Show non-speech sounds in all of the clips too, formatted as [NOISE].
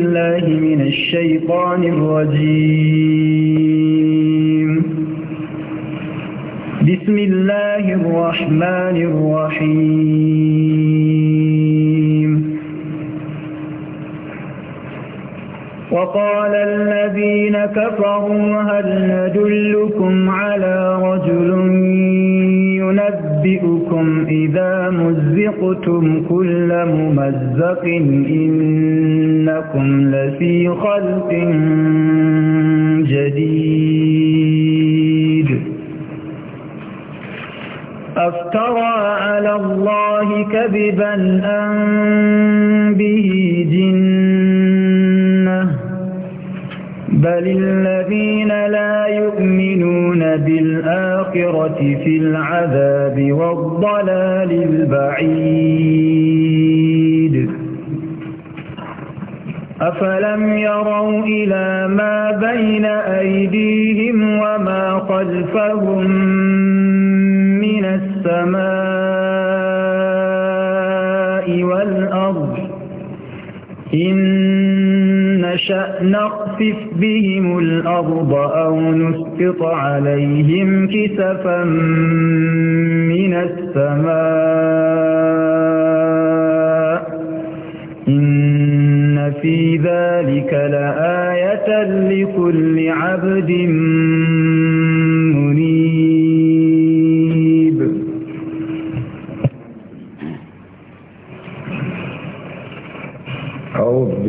الله من الشيطان الرجيم بسم الله الرحمن الرحيم وقال الذين كفروا هل ندلكم على رجل أنبئكم إذا مزقتم كل ممزق إنكم لفي خلق جديد أفترى على الله كذبا أم به جنة بل الذين لا يؤمنون بالله الآخرة في العذاب والضلال البعيد أفلم يروا إلى ما بين أيديهم وما خلفهم من السماء والأرض إن نشأ نَقْصِفْ بهم الأرض أو نسقط عليهم كسفا من السماء إن في ذلك لآية لكل عبد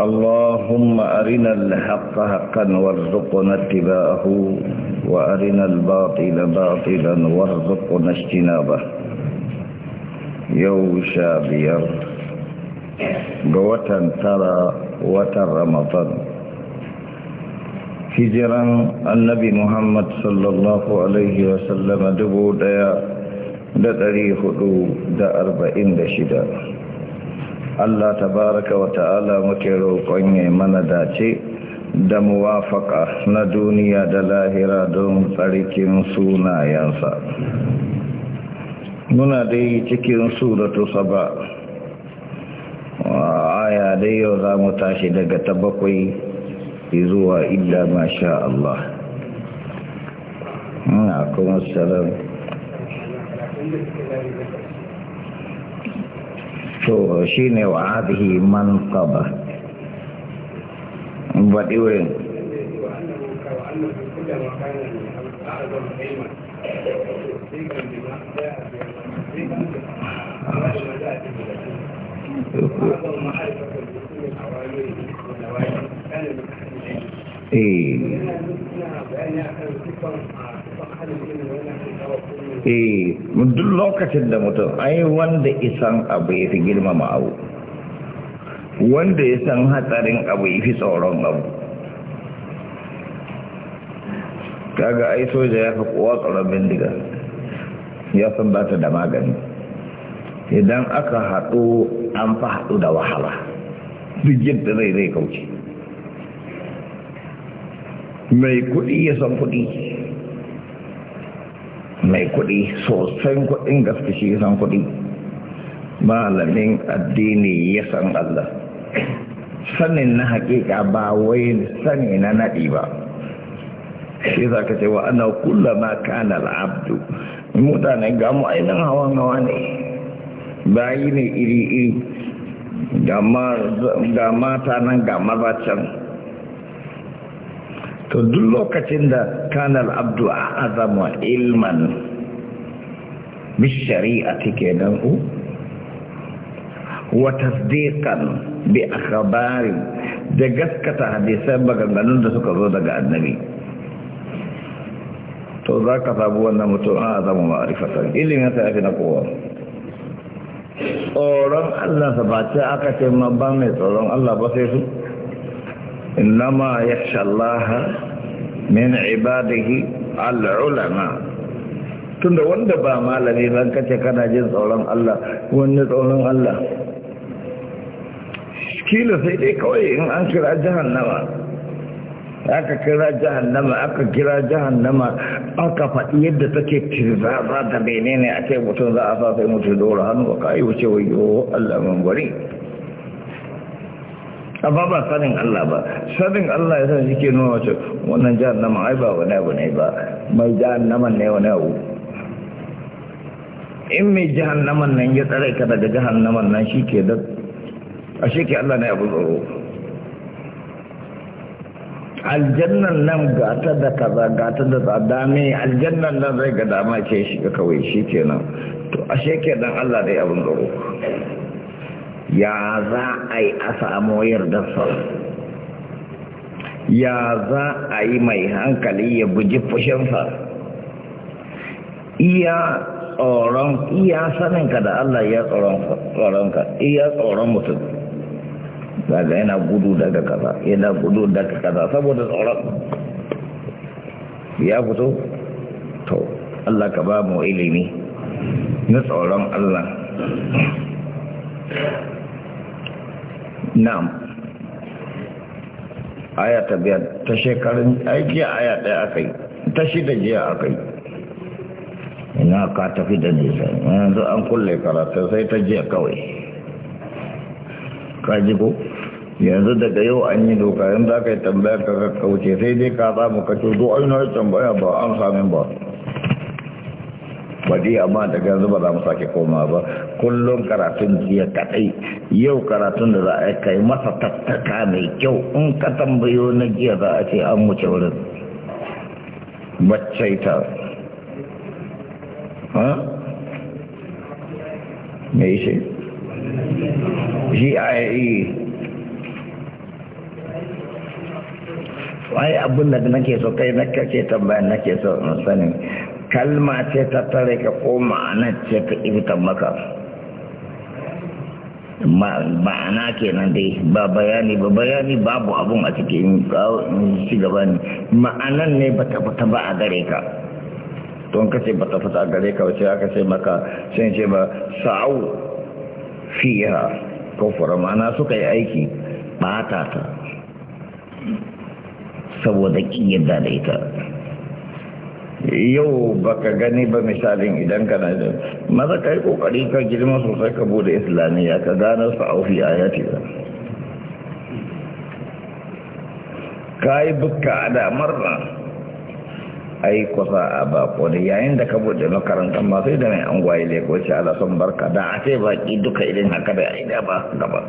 اللهم أرنا الحق حقا وارزقنا اتباعه وأرنا الباطل باطلا وارزقنا اجتنابه يوشا بير قوة ترى وتر رمضان هجرا النبي محمد صلى الله عليه وسلم دبو ديا da ɗari دا أربعين arba'in da Allah ta baraka wa ta'ala muke roƙon ya mana dace da muwafaka na duniya da lahira don tsarkin sunayensa. Muna da yi cikin suratu saba, aya dai yau za mu tashi daga ta bakwai zuwa illa masha Allah. Muna kuma sarar. to shi ne wa man mansaba baɗi wurin Eh. eh duk lokacin da mutum ai wanda isan abu ya fi girmama abu wanda ya san hatsarin abu ya fi tsoron abu kaga ai soja ya fi kowa tsoron bindiga ya san ba ta da magani idan aka haɗu an fi haɗu da wahala duk yadda zai zai kauce mai kuɗi ya san kuɗi mai kuɗi sosai kuɗin gaske shi san kuɗi malamin addini ya san Allah sanin na haƙiƙa ba wai sani na naɗi ba shi za ka ce wa ana kulla ma kana al'abdu Mutane gamu ainihin hawan hawa ne bayi ne iri-iri ga mata nan ga maza to duk lokacin da kanar abdu a azama ilman bishari bishari'ati kenan ku wa tasdiqan bi akhbari da gaskata hadisan maganganun da suka zo daga annabi to za ka samu wannan mutum a zama ma'arifatar ilimin sa yafi na kowa tsoron Allah sa ba ce aka ce ma ba mai tsoron Allah ba sai su إنما يخشى الله من عباده العلماء tunda wanda ba malami ban kace kana jin tsoron Allah wani tsoron Allah kila sai dai kawai in an kira jahannama aka kira jahannama aka kira jahannama aka faɗi yadda take tirzaza da menene a ce mutum za a sa sai mutum dora hannu ka yi wuce wayo Allah mun amma ba sanin Allah ba sanin Allah ya san nuna wace wannan jahannama ai ba wani abu ne ba mai jahannaman ne wani abu in mai jahannaman nan ya tsare ka daga jahannaman nan shi ke da a shi ke Allah ne abu tsoro aljannan nan ga ta da kaza ga ta da tsada ne aljannan nan zai ga dama ce shi kawai shi nan to a ke dan Allah dai abin tsoro ya za a yi a samu yardarsa ya za a yi mai hankali ya guji fushinsa iya tsoron iya saninka da Allah iya tsoronka iya tsoron mutum daga yana gudu daga kaza yana gudu daga kaza saboda tsoron ya fito to Allah ka ba mu ilimi na tsoron Allah na'am aya ta biyar ta shekarun aiki aya ɗaya aka yi ta shida jiya aka yi ina ka tafi da nisa yanzu an kulle karatu sai ta jiya kawai ka ji ko yanzu daga yau an yi doka yanzu aka yi tambayar ka kauce sai dai ka samu ka ce na yi tambaya ba an samun ba baje amma daga yanzu ba za mu sake koma ba kullum karatun jiya kadai yau karatun da za a kai masa tattaka mai kyau in ka tambayo na jiya za a ce an wuce wurin baccaita ha me shi GIE wai abin da nake so kai nake ce tambaya nake so sanin kalma ce ta tare ka ko ma'ana ce ta ibtan maka ma'ana kenan dai ba bayani ba bayani babu abun a cikin shi gaba ne ma'anan ne ba ta fita ba a gare ka don kace ba ta fita a gare ka wace aka ce maka sai ce ba sa'au fiha kofura ma'ana suka yi aiki ba ta ta saboda ƙiyar da ita yau baka gani ba misalin idan kana da maza ka yi kokari ka girma sosai ka bude islamiyya ka gano su aufi a yati ba ka yi bukka damar na a yi kusa a bako da yayin da ka bude makarantar masu da mai an gwaye da ya alasan barka da a sai baki duka irin haka da ya yi da ba gaba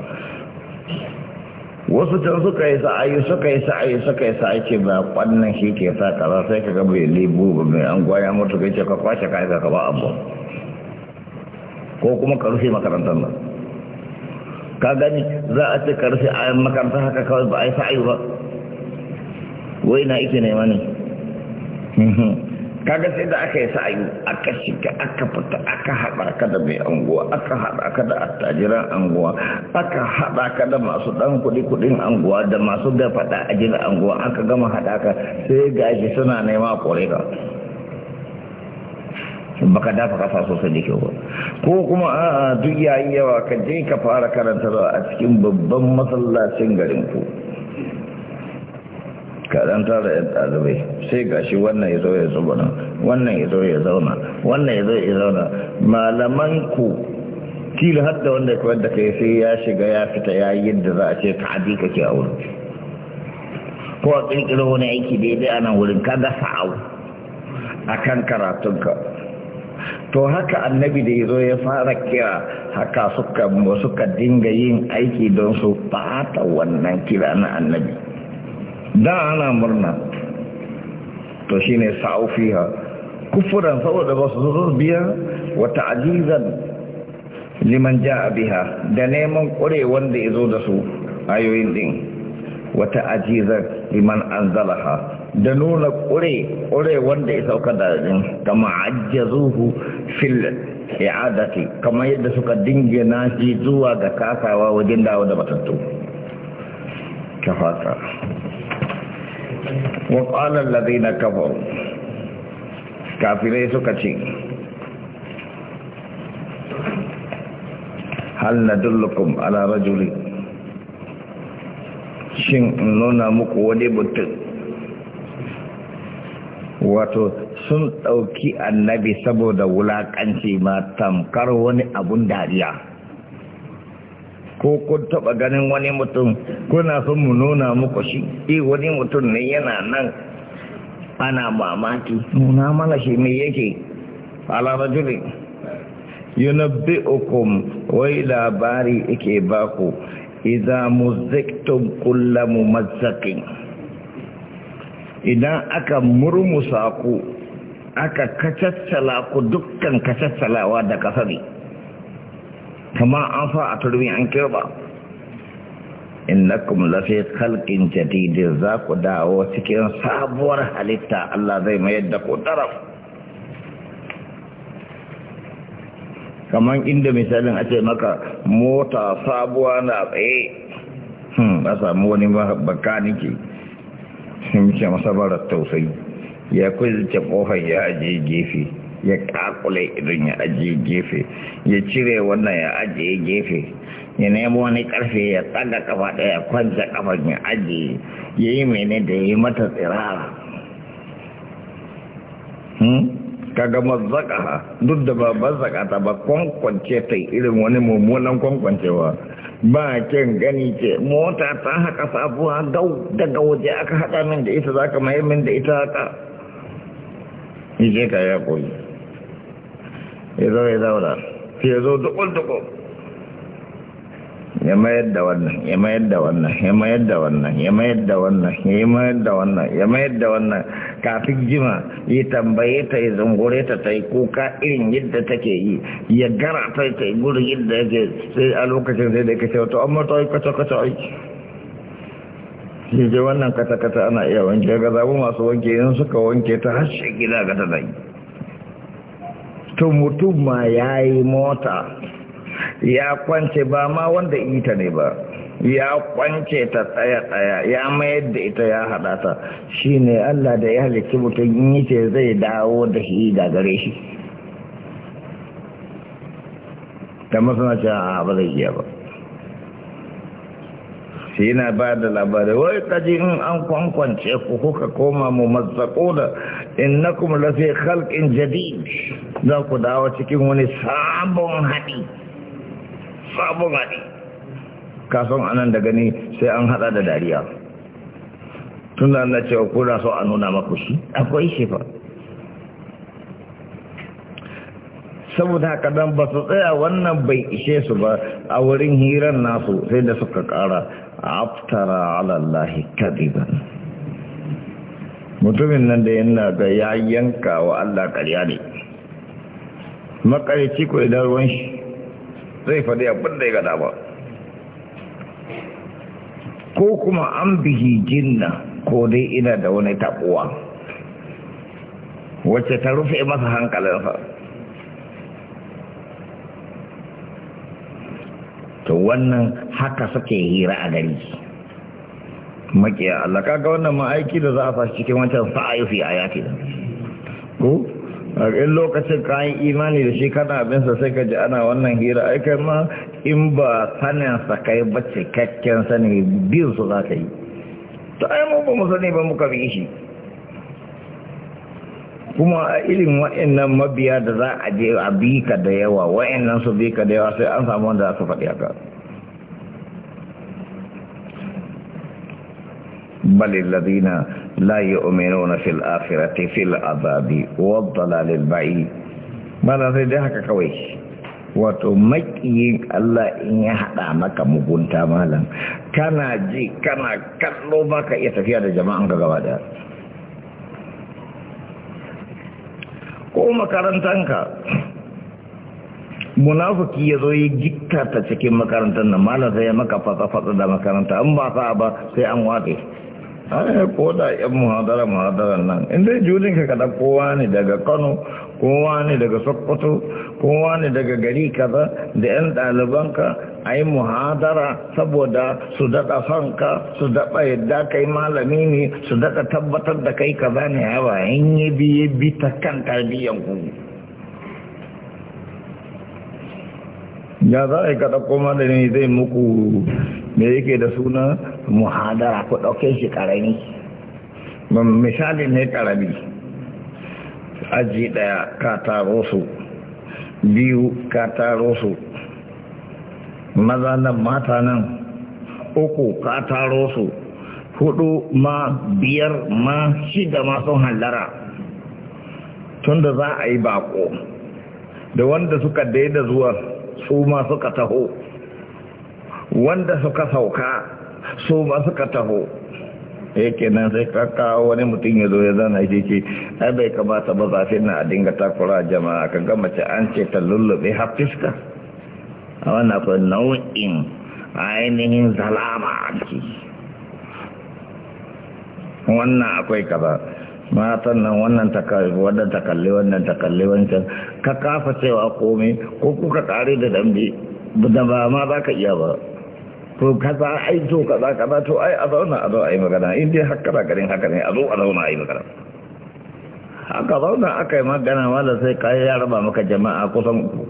wasu can suka yi sa'ayi suka yi sa'ayi suka yi sa'ayi ce ba kwannan shi ke sa kaza sai ka gaba ya libu ba mai an gwaya mutu kai ce ka kwashe kayan ka ba abu ko kuma ka rufe makarantar nan ka gani za a ce ka rufe a makarantar haka kawai ba a yi sa'ayi ba wai na ike nema ne [LAUGHS] kaga sai da aka yi sa'ayi aka shiga aka fita aka haɗa ka da mai anguwa aka haɗa ka da attajiran anguwa aka haɗa ka da masu ɗan kuɗi kuɗin anguwa da masu da faɗa a jina anguwa aka gama haɗa ka sai gashi suna nema kore ka baka dafa kasa sosai da kyau ko kuma a duk yayi yawa ka je ka fara karanta a cikin babban masallacin garin ku kaɗan tara ya ɗalibai sai gashi wannan ya zo ya zauna wannan ya zo ya zauna wannan ya zo ya zauna malaman ku kila har da wanda kawai da kai sai ya shiga ya fita ya yi za a ce ka kake a wurin ko a ƙirƙiro wani aiki daidai a nan wurin ka ga sa'au a kan karatunka to haka annabi da ya zo ya fara kira haka suka suka dinga yin aiki don su ɓata wannan kira na annabi da ana murna to shine sa'ufiha kufuran saboda ba su zo biya wa ta'jizan liman ja'a biha da neman kure wanda yazo da su ayoyin din wa ta'jizan liman anzalaha da nuna kure kure wanda ya sauka da din kama ajjazuhu fil i'adati kamar yadda suka na shi zuwa ga kasawa wajen dawo da matattu waƙalar lade na kabar kafirai suka ce hal na dullukun alara juri shin nuna muku wani mutum wato sun ɗauki annabi saboda wulaƙanci ma tamkar wani abun dariya ko kun taɓa ganin wani mutum kuna son mu nuna muku shi eh wani mutum ne yana nan ana mamaki nuna mana shi me yake ala rajuli yunabbi'ukum wai labari yake baku idza muzzaqtum mu mumazzaqin idan aka murmusa ku aka kacaccala ku dukkan kacaccalawa da kasari Kamar an fa a turbi an kirba innakum fi khalqin jadid za ku dawo cikin sabuwar halitta Allah zai mayar da ku taraf kaman inda misalin a ce maka mota sabuwa na tsaye ba hmm, samu wani bakaniki sun ce masa barar tausayi ya ce kofar ya je gefe ya kakule idan ya ajiye gefe ya cire wannan ya ajiye gefe ya nemo wani karfe ya tsaga kafa ɗaya ya kwanta ya ajiye ya yi mene da ya yi mata tsirara hmm? ga mazzaka duk da ba mazzaka ta ba kwankwance ta irin wani mummunan kwankwancewa ba kyan gani ce mota ta haka sabuwa gau daga waje aka haɗa min da ita zaka mayar min da ita haka Ije ka ya koyi ya zo ya zauna sai ya zo duk duk ya mayar da wannan ya mayar da wannan ya mayar da wannan ya mayar da wannan ya mayar da wannan ya mayar da wannan kafin jima ya tambaye ta ya zungure ta ta yi kuka irin yadda take yi ya gara ta ta yi gurin yadda yake sai a lokacin sai da ya kashe wata amma ta yi kata-kata aiki yi ji wannan kata-kata ana iya wanke ga zabu masu wanke yin suka wanke ta hashe gida ga ta da yi to mutum ma ya yi mota ya kwance ba ma wanda ita ne ba ya kwance ta tsaya-tsaya ya mayar da ita ya haɗa ta shi ne Allah da ya halicci mutum in yi ce zai dawo da shi da gare shi da masana ce a ba zai iya ba shi na ba da labarai wai kaji in an kwankwance ku kuka koma mu matsako da kuma lafi halkin jadi. za ku dawo cikin wani sabon haɗi sabon haɗi kasan anan da gani sai an haɗa da dariya tun da na cewa kuna so a nuna maku shi akwai shi fa saboda haka dan ba su tsaya wannan bai ishe su ba a wurin hirar nasu sai da suka kara aftara ala Allahi kadiban mutumin nan da yana ga ya yanka wa Allah karya ne makarici ko idan ruwan shi zai faɗi abin da ya gada ba ko kuma an bihi jinna ko dai ina da wani taɓuwa wacce ta rufe masa hankalinsa wannan haka suke hira a gari makiya Allah kaga wannan ma'aiki da za a fashi cikin wancan fa'ayufi a yaki da ko in lokacin kayan imani da shi kana abinsa sai ka ji ana wannan hira ai kai ma in ba sanin sa kai ba cikakken sani biyu su za ka yi ta ai mu ba mu sani ba muka bi shi kuma a irin wa'annan mabiya da za a je a bi ka da yawa wa'annan su bi ka da yawa sai an samu wanda za su faɗi haka بل الذين لا يؤمنون في الآخرة في العذاب والضلال البعيد ماذا سيدهك كويش wato makiyin Allah in ya haɗa maka mugunta malam kana ji kana kallo baka iya tafiya da jama'an ka gaba ko makarantanka munafuki ya zo yi ta cikin makarantar nan malam sai ya maka fasa-fasa da makaranta in ba sa ba sai an wade ai ko da yan muhadara muhadaran nan in dai julin ka kada kowa ne daga Kano kowa ne daga Sokoto kowa ne daga gari kaza da yan ɗalibanka yi muhadara saboda su daɗa fanka su daɗa yadda kai malami ne su daɗa tabbatar da kai kaza ne yawa in yi biye bi ta kan tarbiyyan ku ya za a yi kada da ne zai muku me yake da suna muhadara ku ɗauke shi ƙarami misali ne ƙarami aji ɗaya ka taro su biyu ka taro su maza nan mata nan uku ka taro su hudu ma biyar ma shida ma sun hallara tunda za a yi bako da wanda suka daida zuwa su ma suka taho wanda suka sauka su ba suka taho yake nan sai kaka wani mutum ya zo ya zana shi ce ai bai kamata ba zafin na a dinga takura jama'a ka ga mace an ce ta lullube har fiska a wannan akwai nau'in ainihin zalama a ciki wannan akwai kaza matan nan wannan wannan takalli wannan takalli wancan ka kafa cewa komai ko kuka kare da dambe da ba ma za ka iya ba to kaza ai to kaza kaza to ai a zauna a zo a yi magana in dai haka da garin haka ne a zo a zauna a yi magana haka zauna aka yi magana wanda sai kayi ya raba maka jama'a kusan uku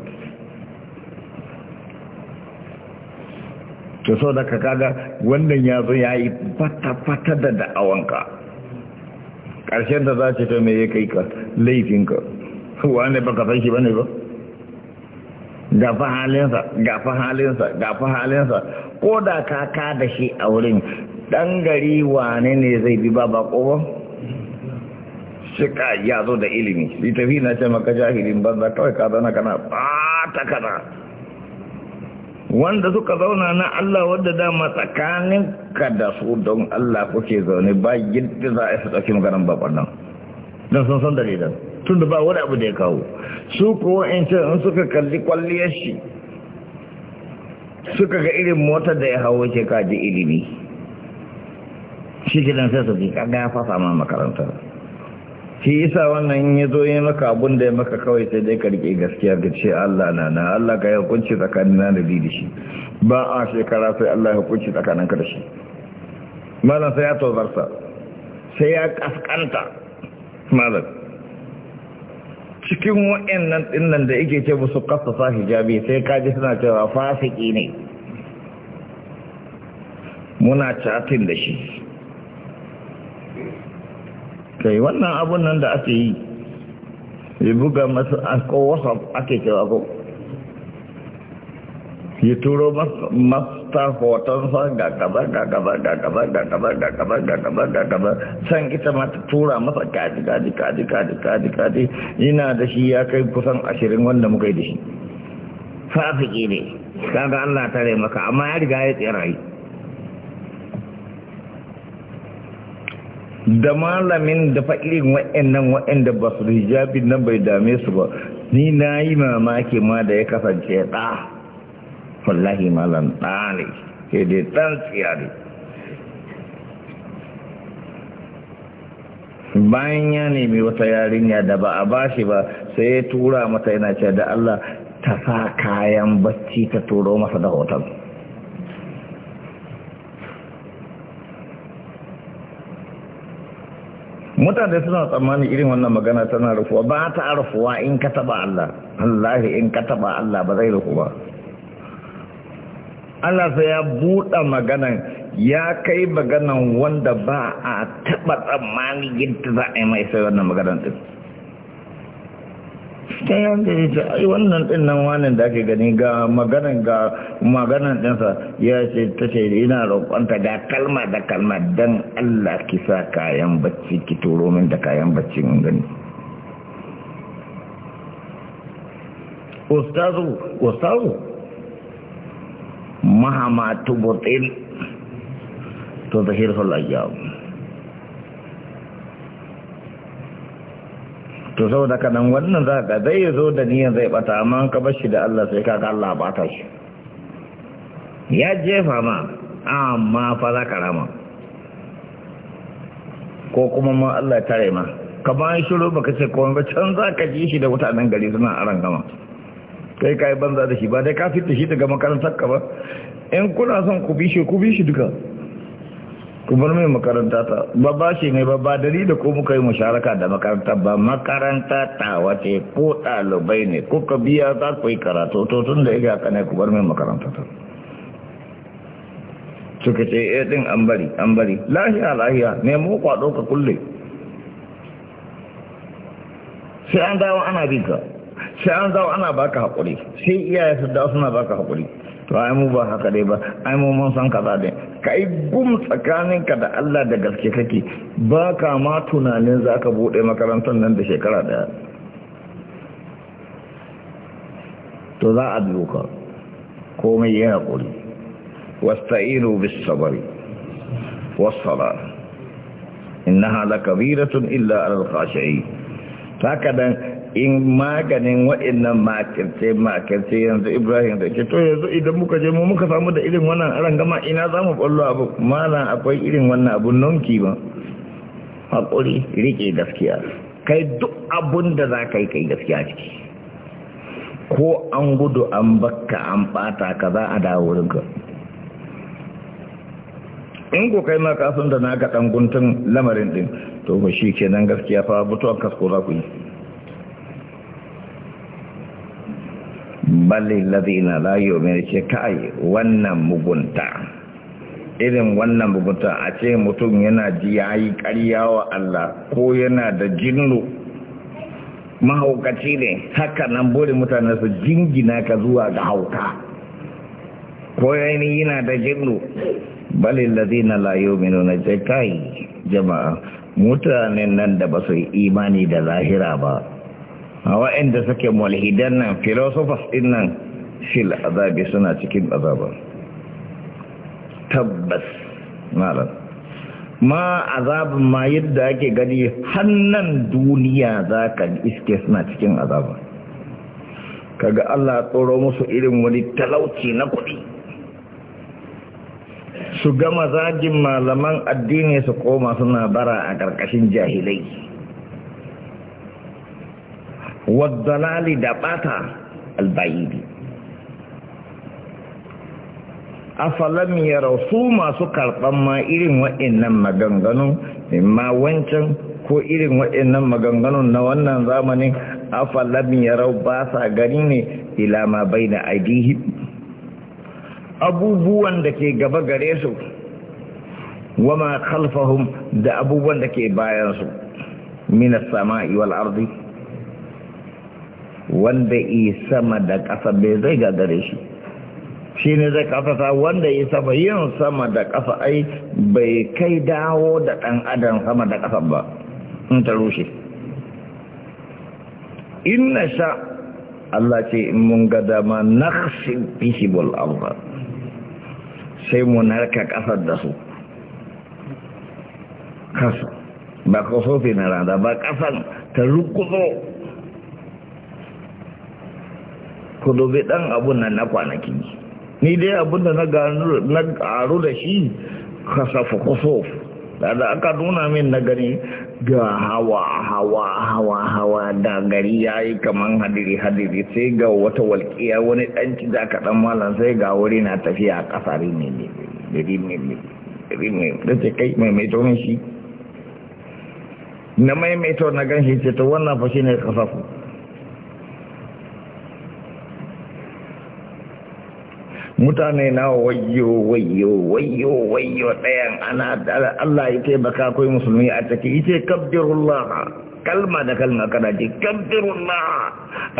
to so da ka kaga wannan ya zo ya yi fata-fata da da'awanka ƙarshen da za ce ta me ya kai ka laifinka wane baka san shi bane ba, ne ba? ga fa halinsa ga fa halinsa ga fa halinsa ko da ka ka da shi a wurin dan gari wane ne zai bi ba ba shika ya zo da ilimi shi tafi na ce maka jahilin banza kawai ka zana kana ta kana wanda suka zauna na Allah wadda dama tsakanin ka da su don Allah kuke zaune ba yadda za a yi su ɗauki maganin babban nan don sun san dalilan tun da ba wani abu da ya kawo su kuwa in ce in suka kalli kwalliyar shi suka ga irin motar da ya hawo ce kaji ilimi shi gidan sai su fi kaga ya fasa ma makaranta shi isa wannan ya zo yi maka abun da ya maka kawai sai dai karke gaskiya ga ce Allah na na Allah ka yi hukunci tsakanin na da da shi ba a shekara sai Allah ya hukunci tsakanin ka da shi malam sai ya tozarsa sai ya kaskanta malam cikin wa'annan dinnan da yake ce musu kasasa hijabi sai kaji suna cewa fasiki ne muna chatin da shi kai wannan abun nan da ake yi ya buga masu akwai wasu ake cewa ko ya turo masu ta hoton sa ga gaba ga gaba ga gaba ga gaba ga gaba ga gaba ga gaba san ita ma ta tura masa kaji kaji kaji kaji kaji kaji ina da shi ya kai kusan ashirin wanda muka yi da shi fasiki ne kaga Allah ta rai maka amma ya riga ya tsira yi da malamin da fa'irin wa'annan wa'anda ba su hijabi nan bai dame su ba ni na yi mamaki ma da ya kasance ɗa wallahi malam ɗa ne sai ɗan tsiya ne bayan ya nemi wata yarinya da ba a bashi ba sai ya tura mata yana ce da Allah ta sa kayan bacci ta turo masa da hoton mutane suna tsammani irin wannan magana tana rufuwa ba ta rufuwa in ka taba Allah Allah in ka taba Allah ba zai rufu ba Allah sai ya buɗa maganan ya kai maganan wanda ba a taɓa tsammanin yadda za a yi mai sai wannan maganan ɗin. Sai ya ce, ai wannan ɗin nan wani da ake gani ga maganan ga maganan ɗinsa ya ce ta ce ina roƙonta ga kalma da kalma don Allah ki sa kayan bacci ki turo min da kayan bacci mun gani. Ustazu, ustazu, mahama tubutin to zahir hulayyau to saboda kanan wannan za ka zai zo da niyan zai bata amma ka bar shi da Allah sai kaga Allah bata shi ya jefa ma amma fa za ka rama ko kuma ma Allah tare ma ka bayan shiru baka ce kowai ba can za ka ji shi da mutanen gari suna aran gama kai ka yi banza da shi ba dai ka fita shi daga makarantar ka ba in kuna son ku bishe ku bishe duka ku bar mai makaranta ta ba ba shi ne ba ba dari da ko muka yi musharaka da makaranta ba makaranta ta wace ko ɗalibai ne ka biya za ku yi karatu to tun da ya ga ne ku bar mai makaranta ta suka ce eh din an bari an bari lahiya lahiya nemo kwaɗo ka kulle sai an dawo ana ka sai an dawo ana baka haƙuri sai iyaye su dawo suna baka haƙuri to ai mu ba haka dai ba ai mu mun san kaza dai kai gum tsakaninka da Allah da gaske kake ba ka ma tunanin zaka bude makarantar nan da shekara daya to za a biyo ka komai ya haƙuri wasta'inu bis sabari wassala innaha lakabiratun illa alal khashi'in haka dan in maganin waɗannan makirce makirce yanzu ibrahim da ke to yanzu idan muka je mu muka samu da irin wannan aran gama ina za mu ɓallo abu mana akwai irin wannan abun nonki ba haƙuri riƙe gaskiya kai duk abun da za ka yi kai gaskiya ciki ko an gudu an bakka an ɓata ka za a dawo wurinka in ko kai ma kasan da naka ɗan guntun lamarin ɗin to ba shi kenan gaskiya fa mutuwar kasko za ku yi balin lazina layo mai ce kai wannan mugunta irin wannan mugunta a ce mutum yana ji ya yi karya wa Allah ko yana da jinnu mahaukaci ne haka nan bori mutane su jingina ka zuwa ga hauka ko yana yana da jinnu balin lazina layo mai nuna ce kai jama'a mutanen nan da ba su yi imani da lahira ba A wa'inda suke mulhidan nan filosofas din nan fil azabi suna cikin azaba tabbas malam ma azabin ma yadda ake gani hannan duniya za ka iske suna cikin azaba kaga Allah tsoro musu irin wani talauci na kuɗi su gama zagin malaman addini su koma suna bara a ƙarƙashin jahilai والضلال دباتا البعيد afalam ya rasu masu karɓan ma irin waɗannan maganganun ma wancan ko irin waɗannan maganganun na wannan zamanin afalam ya rau ba sa gani ne ila ma bai na aidihi abubuwan da ke gaba gare su wama khalfahum da abubuwan da ke bayan su minas sama'i wal ardi wanda yi sama da ƙasa bai zai gagare shi shi ne zai kafasa wanda yi sama yin sama da ƙasa ai bai kai dawo da ɗan adam sama da ƙasa ba in ta rushe in sha Allah ce in mun ga dama na fishibul arba sai mu narka ƙasar da su kasa ba kasofi na rada ba ƙasan ta rukuzo ku dobe dan abun nan na kwanaki ni dai abun da na aro da shi kasafu kusof da da aka nuna min na gani ga hawa hawa hawa hawa da gari ya yi kaman hadiri hadiri sai ga wata walƙiya wani ɗan ka kaɗan malam sai ga wuri na tafiya a ƙasari ne da ce kai mai min shi na to na gan shi ce ta wannan fashi ne kasafu mutane na wayo wayo wayo wayo ɗayan ana Allah ya taimaka akwai musulmi a ciki yace kabdirullah kalma da kalma kada ce kabdirullah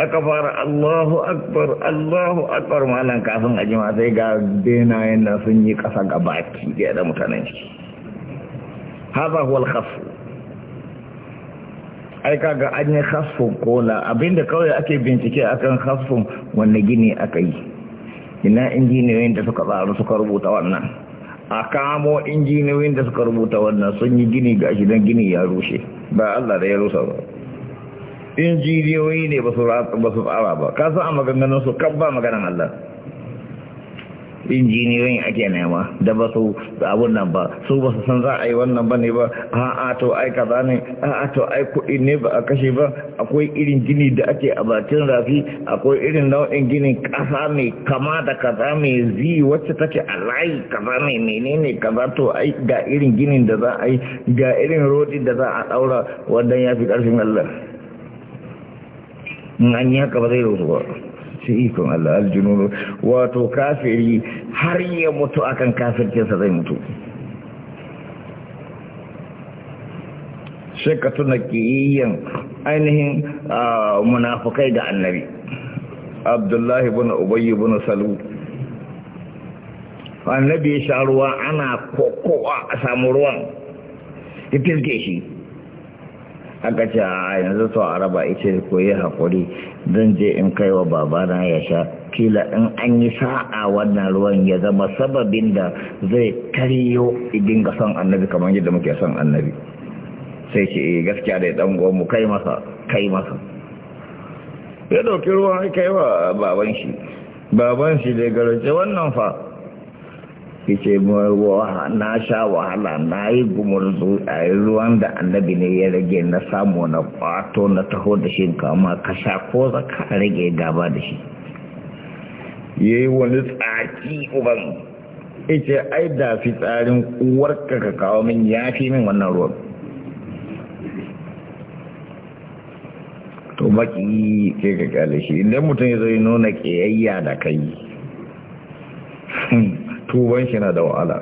aka fara Allahu akbar Allahu akbar malan kafin a jima sai ga benayen nan sun yi kasa gabaki da mutanen shi hada huwa ai kaga an yi hasfin kola abinda kawai ake bincike akan hasfin wanne gini aka yi ina injiniyoyin da suka tsaro suka rubuta wannan a kamo injiniyoyin da suka rubuta wannan sun yi gini ga shi don gini ya rushe ba Allah da ya rusa ba injiniyoyi ne ba su tsara ba kasu a maganganunsu kan ba maganan Allah injiniyoyin ake nema da ba su abun nan ba su ba su san za a yi wannan ba ne ba a a to ai kaza ne a a to ai kudi ne ba a kashe ba akwai irin gini da ake a bakin rafi akwai irin nau'in ginin kasa mai kama da kaza mai zi wacce take a layi kaza mai menene kaza to ai ga irin ginin da za a yi ga irin rodi da za a daura wannan ya fi Allah in an yi haka ba zai rusu ba ikon Allah wato kafiri har ya mutu akan kafircinsa zai mutu sai ka tuna kiyayyen ainihin munafukai da annabi abdullahi bin ubayy bin salu annabi ya sha ruwa ana kokowa a samu ruwan ya tilke shi aka ce a yanzu to araba ita ko yi haƙuri zan je in kai wa babana ya sha kila in an yi sa'a wannan ruwan ya zama sababin da zai karyo idin ga son annabi kamar yadda muke son annabi sai ke eh, gaskiya da dan mu kai masa kai masa ya dauki ruwan kai wa baban shi baban shi da garaje wannan fa yace na sha wahala na yi gumurzu a ruwan da annabi ne ya rage na samu na fato na taho da shi kama ka sha ko ka rage gaba da shi ya yi wani tsaki uban yace ai da fi tsarin uwarka ka kawo min ya fi min wannan ruwan to baki ke ka kyale shi idan mutum ya zo nuna kiyayya da kai [LAUGHS] hmm, tuban shi na da wahala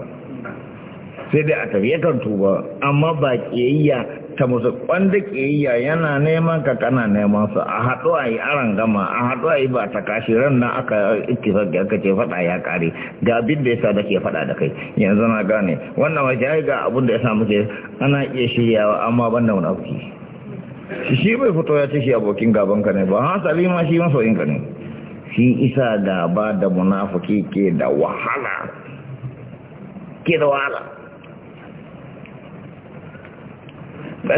sai dai a tafiyatar tuba amma ba ƙiyayya ta musu ƙwanda ƙiyayya yana neman ka kana neman su a haɗu a yi aran gama a haɗu a yi ba ta kashi ran na aka ittifaki aka ce faɗa ya ƙare ga abin da yasa dake faɗa da kai yanzu na gane wannan wace ga abin da yasa muke ana iya shiryawa amma ban da munafiki shi bai fito ya ce shi abokin gaban ka ne ba ha ma shi masoyin ka ne shi isa gaba da munafiki ke da wahala ke da wahala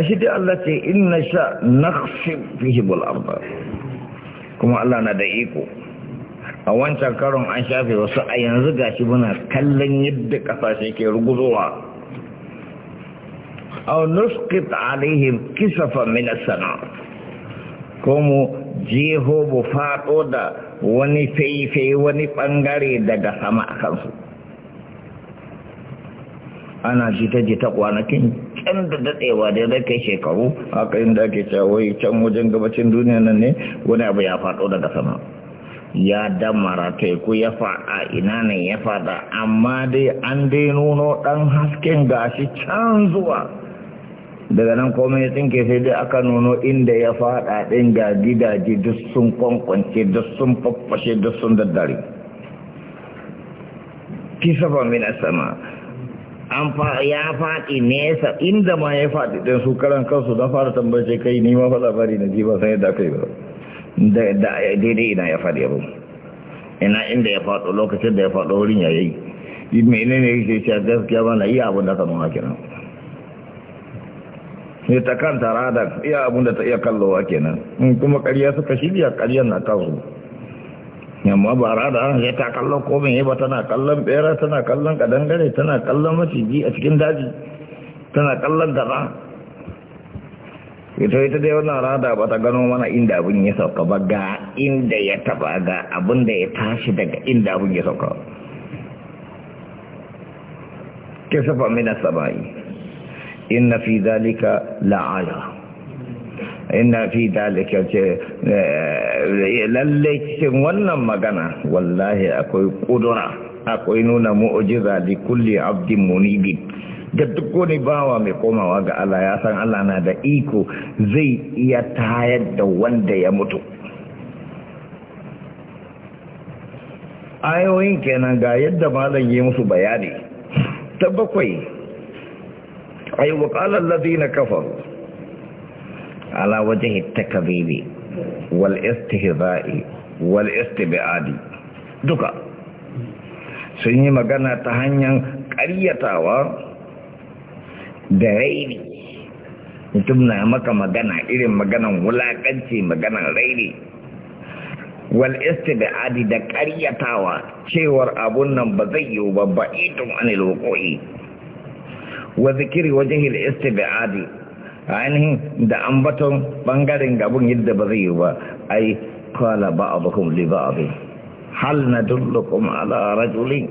shi dai Allah ce inna sha nakhsib fihi bil arda kuma Allah na da iko a wancan karon an shafe wasu a yanzu gashi muna kallon yadda kasashe ke ruguzowa aw nusqit alaihim kisafan min as-sama' ko mu jeho bu faɗo da wani faife wani ɓangare daga sama a kansu ana jita-jita kwanakin can da daɗewa da ya kai shekaru haka inda ake cawai can wajen gabacin duniya nan ne wani abu ya faɗo daga sama ya damara teku ya faɗa ina ne ya faɗa amma dai an dai nuno ɗan hasken gashi can zuwa daga nan komai ya tsinke sai dai aka nuno inda ya fada ɗin ga gidaje duk sun kwankwance duk sun faffashe duk sun daddare kisafa min sama an fa ya faɗi nesa inda ma ya faɗi ɗin su karan kansu don fara tambace kai ni ma faɗa fari na ji ba san yadda aka yi ba daidai ina ya faɗi abu ina inda ya faɗo lokacin da ya faɗo wurin ya yi menene yake cewa gaskiya ba na iya abin da ka nuna kenan ne ta tara da iya abin da ta iya kallowa kenan in kuma ƙarya suka shirya ƙaryar na kansu yamma ba rada ya ta kallo komin ya ba tana kallon bera tana kallon kadangare tana kallon maciji a cikin daji tana kallon tara ita ita dai wannan rada ba ta gano mana inda abin ya sauka ba ga inda ya taba ga abin da ya tashi daga inda abin ya sauka kisafa mina sama'i inna fi inna fi dalika ce eh, lalle cikin wannan magana wallahi akwai kudura akwai nuna mu'jiza li kulli abdin munibin da duk wani bawa mai komawa ga Allah ya san Allah na da iko zai iya tayar da wanda ya mutu ayoyin kenan ga yadda malam yi musu bayani ta bakwai ai waƙalar lazina kafar ala wajen takabibi wal istihza'i wal istibadi duka sun yi magana ta hanyar ƙaryatawa da raini mutum na maka magana irin maganan wulaƙanci maganan raini wal istibadi da ƙaryatawa cewar abun nan ba zai yiwu ba ba'idun anil wuqo'i وذكر وجه الاستبعاد عنه يعني ده أنبتهم بانجارين قابون يد بغيوا أي قال بعضهم لبعض هل ندلكم على رجل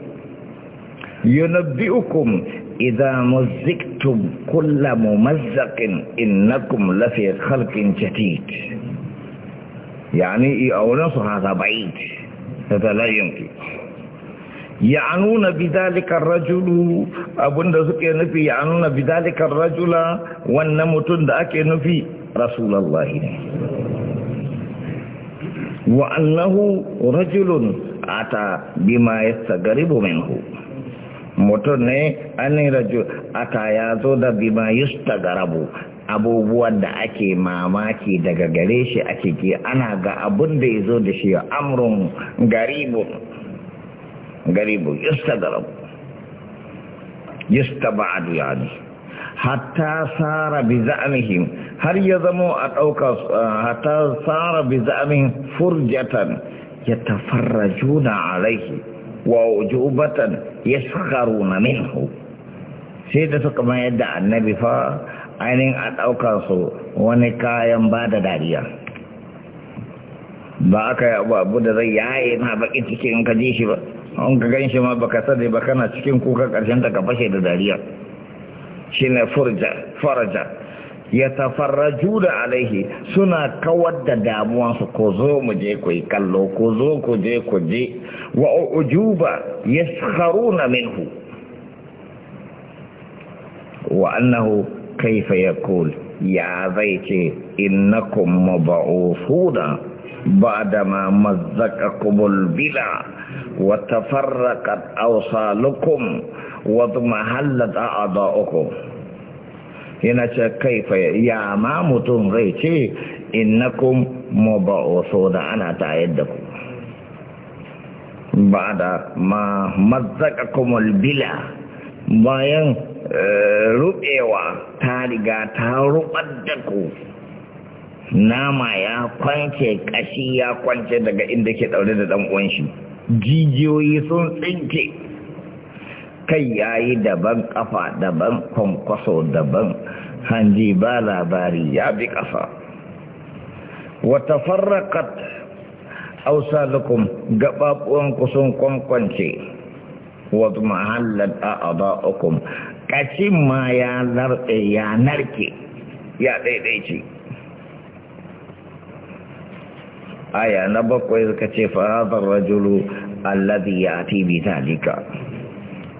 ينبئكم إذا مزقتم كل ممزق إنكم لفي خلق جديد يعني أولا صحابة بعيد هذا لا يمكن ya'nuna bidhalika ar-rajulu abunda suke nufi ya'nuna bidhalika ar-rajula wannan mutum da ake nufi rasulullahi ne wa annahu rajulun ata bima yastagribu minhu mutum ne anin rajul ata ya zo da bima yastagribu abubuwan da ake mamaki daga gare shi ake ana ga abun da ya zo da shi amrun garibun غريب يستغرب يستبعد يعني حتى صار بزعمهم هل يزموا أتوقع حتى صار بزعمهم فرجة يتفرجون عليه وعجوبة يسخرون منه سيدة كما يدعى النبي أين أتوك ونكايا بعد داريا ba aka yi abu da zai yaye na bakin ciki in ka ji shi ba an ka gan shi ma baka sani ba kana cikin kuka karshen ta ka fashe da dariya shine furja faraja ya tafarraju da alaihi suna kawar da damuwansu ko zo mu je ku yi kallo ko zo ku je ku je wa ujuba na minhu wa annahu kaifa yaqul ya zai ce innakum suna. ba da ma mazzaka kumul bila wata farraƙar ausalukum wata mahallar ɗa’ada uku yana ce kaifa ya ma mutum zai ce innakum mu ba so da ana ta yadda ku ba da ma mazzaka kumul bila bayan ruɓewa ta riga ta rubar da ku nama ya kwance kashi ya kwance daga inda ke daure da dan uwan shi jijiyoyi sun tsinke kai yayi daban kafa daban kwankwaso daban hanji ba labari ya bi kafa wata farrakat sun gababuwan kusan kwankwance wata mahallar a'ada'ukum kashin ma ya narke ya narke ya aya na bakwai suka ce farazar rajulu alladhi yati bi talika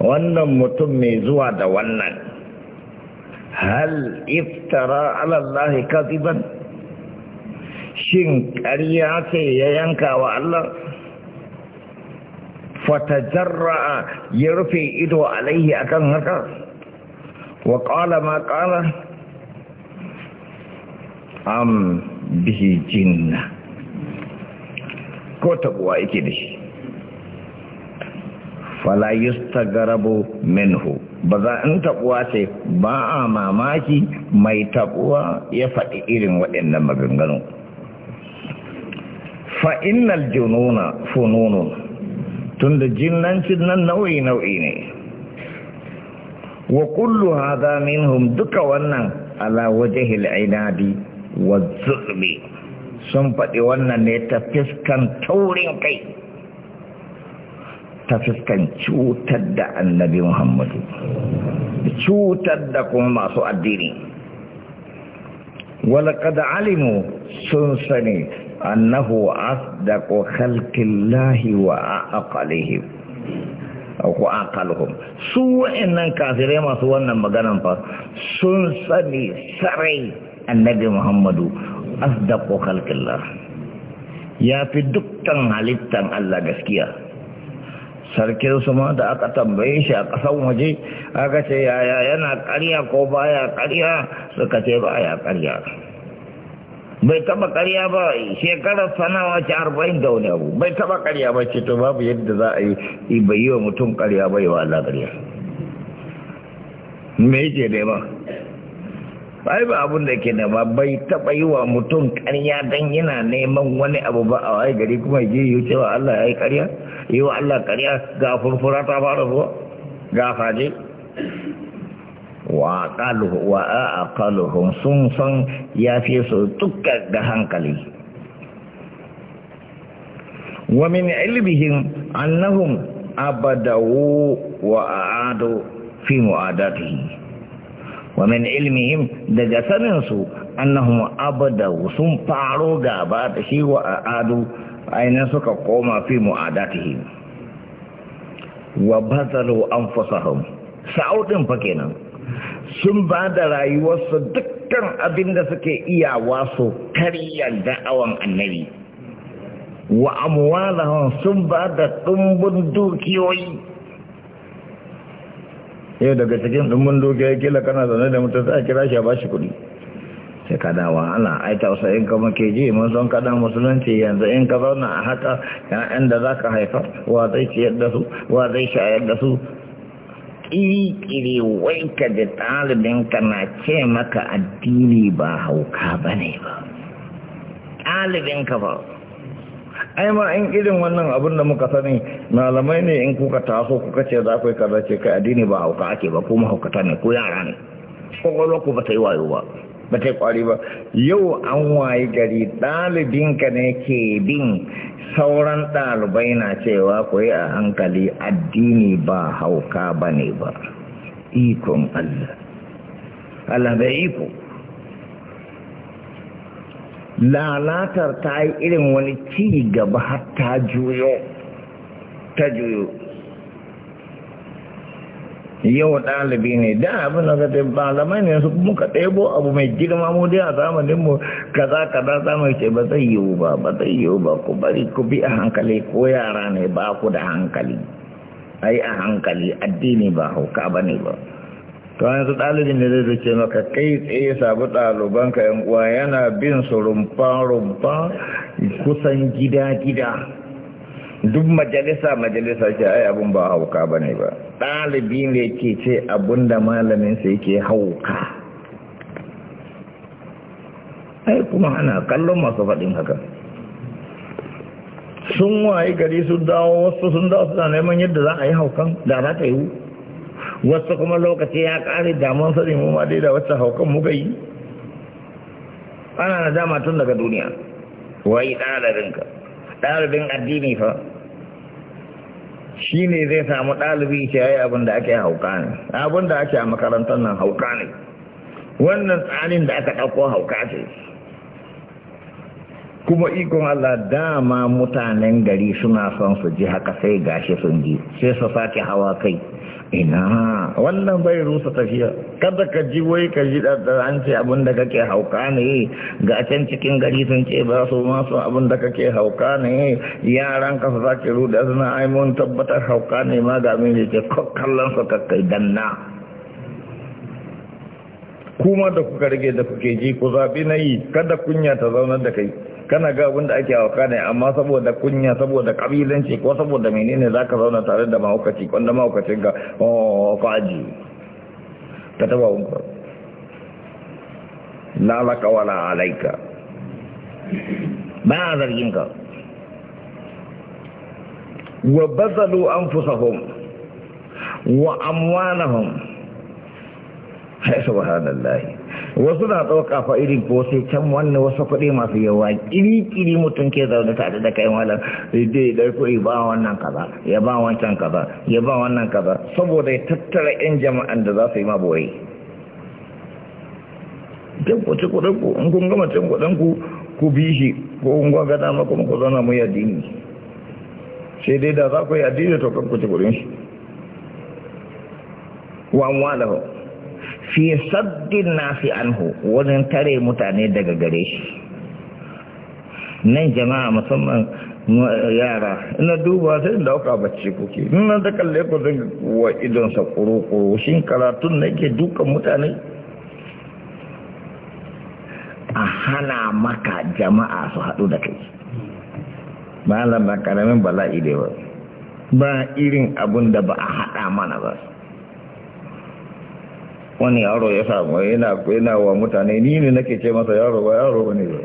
wannan mutum mai zuwa da wannan hal iftara alallahi Allah shin ƙarya ce ya yanka wa Allah fatajarra'a ya rufe ido alaihi akan haka wa qala ma qala am bihi jinnah ko tabuwa yake da shi fala yustagarabu minhu ba za in taɓuwa sai ba a mamaki mai tabuwa ya faɗi irin waɗannan maganganu fa innal jununa fununun tunda jinnancin nan nau'i nau'i ne wa kullu hadha minhum duka wannan ala wajhil inadi wa zulmi sun faɗi wannan ne ta fiskan taurin kai ta fiskan cutar da annabi muhammadu cutar da kuma masu addini walakada alimu sun sani annahu halkin lahi wa aqalihim ko aqaluhum su wa'annan kafirai masu wannan maganan fa sun sani sarai annabi muhammadu asdaqu khalqillah ya fi dukkan halittan Allah gaskiya sarkin suma da aka tambaye shi a ƙasan waje aka ce yaya yana ƙarya ko baya ƙarya suka ce baya ƙarya bai taba ƙarya ba shekarar sanawa ce arba'in da wani abu bai taba ƙarya ba ce to babu yadda za a yi bai yi wa mutum ƙarya bai wa Allah ƙarya me ce dai ba ai ba abun da yake da ba bai taɓa yi wa mutum ƙarya don yana neman wani abu ba a wai gari kuma je yi cewa Allah ya yi ƙarya yi wa Allah ƙarya ga furfura ta fara zuwa ga faje wa aqaluhum sun san ya fi su tukka ga hankali wa min ilmihim annahum abadawu wa aadu fi mu'adatihi wa min ilmihim daga saninsu annahum abadau sun faro gaba da shi wa adu ainihin suka koma fi mu'adatihim wa bazalu anfusahum sa'udin fa kenan sun ba da rayuwarsu dukkan abin da suke iyawa su karya da'awan annabi wa amwalahum sun ba da dumbin dukiyoyi yau daga cikin ɗumbin ya kila kana zane da mutum sai kira shi a bashi kuɗi sai ka dawa ana ai tausayin ka ke ji mun son kada musulunci yanzu in ka zauna a haka ƴaƴan da za ka haifa wa zai ciyar da su wa zai shayar da su ƙirƙiri wai ka da ɗalibin ka na ce maka addini ba hauka ba ne ba ɗalibin ka ba ai ma in irin wannan abin da muka sani malamai ne in kuka taso kuka ce za ku yi kaza ce kai addini ba hauka ake ba kuma haukata ne ko yara ne kwakwalwa ku ba ta yi wayo ba ba ta yi kwari ba yau an wayi gari ka ne ke bin sauran ɗalibai na cewa ku yi a hankali addini ba hauka ba ne ba ikon Allah Allah bai iko lalatar ta yi irin wani ci gaba har ta juyo ta juyo yau ɗalibi ne da abin da ka ba ne su muka ɗebo abu mai girma mu dai a zamanin mu kaza kaza zamani ce ba zai yiwu ba ba zai yiwu ba ku bari ku bi a hankali ko yara ne ba ku da hankali ai a hankali addini ba hauka ba ne ba to yanzu ɗalibin da zai zuke maka kai tsaye sabu ɗalibanka yan uwa yana bin su rumfa-rumfa kusan gida-gida duk majalisa majalisa ce ai abun ba hauka ba ne ba ɗalibi ne ke ce abun da malaminsa yake hauka ai kuma ana kallon masu faɗin haka sun waye gari sun dawo wasu sun dawo suna neman yadda za a yi haukan da za ta yi wasu kuma lokaci ya kare damuwan sani mu ma dai da wacce haukan muka yi ana na dama tun daga duniya wai ɗalibinka ɗalibin addini fa shi ne zai samu ɗalibi ce ya yi abin da ake hauka ne abin da ake a makarantar nan hauka ne wannan tsarin da aka ɗauko hauka ce kuma ikon Allah dama mutanen gari suna son su ji haka sai gashi sun ji sai su sake hawa kai ina wannan bai rusa tafiya kada ka ji wai ka ji da an abin da kake hauka ne ga can cikin gari sun ce ba su masu abin da kake hauka ne yaran ka su zaki ruda suna ai tabbatar hauka ne ma ga mai ke kallon su kakkai danna kuma da kuka rage da kuke ji ku zaɓi na yi kada kunya ta zauna da kai kana ga abin da ake hauka ne amma saboda kunya saboda kabilanci ko saboda menene zaka zauna tare da mahaukaci kwanda mahaukacin ga oh faji ka taba wunka lalaka wala alaika ba zargin ka wa bazalu anfusahum wa amwalahum hay subhanallahi wasu na ɗauka fa irin ko sai can wannan wasu kuɗi masu yawa kiri-kiri mutum ke zaune tare da kai malam dai dai kuɗi ba wannan kaza ya ba wancan kaza ya ba wannan kaza saboda ya tattara yan jama'an da za su yi ma boye dan ku ci kuɗin ku in kun gama cin kuɗin ku ku bi shi ko kun gada ma kuma ku zauna mu yi addini sai dai da za ku yi addini to kan ku ci kuɗin shi wa amwalahu fi saddin nasi anhu wajen tare mutane daga gare shi nan jama'a musamman yara ina duba sai in dauka bacci kuke ina da kalle ku zan wa idon sa kuru-kuru shin karatun na ke dukan mutane a hana maka jama'a su haɗu da kai malam ba karamin bala'i da ba irin abun da ba a haɗa mana ba wani yaro ya samu yana yana wa mutane ni ne nake ce masa yaro ba yaro bane ba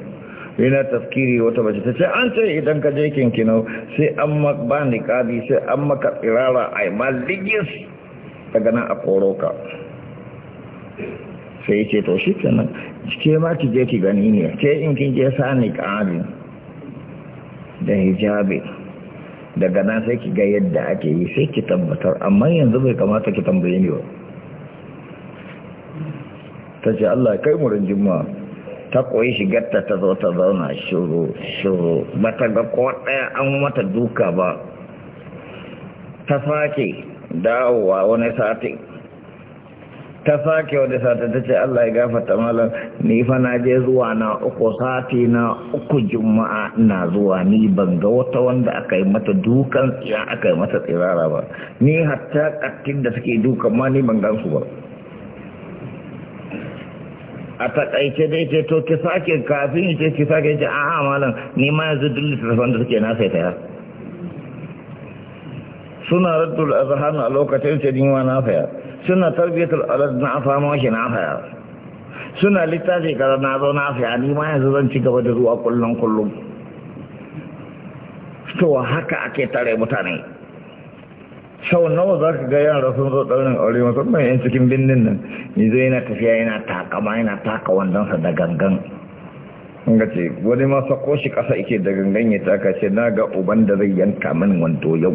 yana tafkiri wata bace ce an ce idan ka je kinkino sai an ma ba ni kabi sai an maka tsirara ai maligis daga nan a koro ka sai ya ce to shi kenan ke ma ki je ki gani ne ke in kin je sa ni kabi da hijabi daga nan sai ki ga yadda ake yi sai ki tabbatar amma yanzu bai kamata ki tambaye ni ba ta ce Allah kai murin juma'a ta koyi shigarta ta zo ta zauna shuru shuru ba ta ga kowa ɗaya an mata duka ba ta sake dawowa wani sati ta sake wani sati ta ce Allah ya gafata malam ni fa na je zuwa na uku sati na uku juma'a na zuwa ni ban ga wata wanda aka yi mata dukan tsira aka yi mata tsirara ba ni hatta kattin da suke dukan ma ni ban gansu ba a takaice dai ce to ki sake kafin ce ki sake ce a'a malam ni ma yanzu duk littattafan da suke na sai saya suna raddul azhan a lokacin ce ni ma na saya suna tarbiyatul alad na fama shi na saya suna littafi kaza na zo na saya ni ma yanzu zan ci gaba da zuwa kullum kullum to haka ake tare mutane sau nawa za ka ga yara sun zo ɗaurin aure musamman yan cikin birnin nan yanzu yana tafiya yana takama yana taka sa da gangan ga ce wani ma sako shi ƙasa ike da gangan ya taka ce na ga uban da zai yanka min wanto yau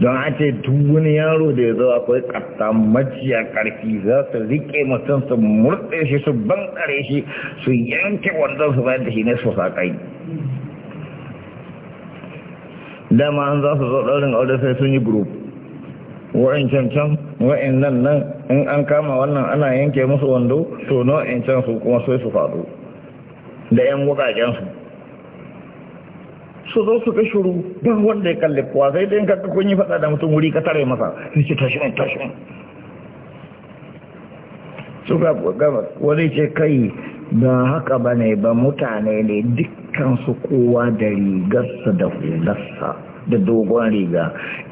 don a ce duk wani yaro da ya zo akwai ƙasa maciya ƙarfi za su riƙe mutum su murɗe shi su bankare shi su yanke wandon su bayan da shi ne su dama an za su zo ɗaurin aure sai sun yi buru wa'in can can wa'in nan nan in an kama wannan ana yanke musu wando to wa'in can su kuma sai su faɗo da 'yan wuƙaƙen su zo su ka shuru duk wanda ya kalli kuwa sai dai ka kun yi faɗa da mutum wuri ka tare masa sai ce tashi min tashi su suka gaba wani ce kai ba haka ba ne ba mutane ne su kowa da rigarsa da hulassa da dogon riga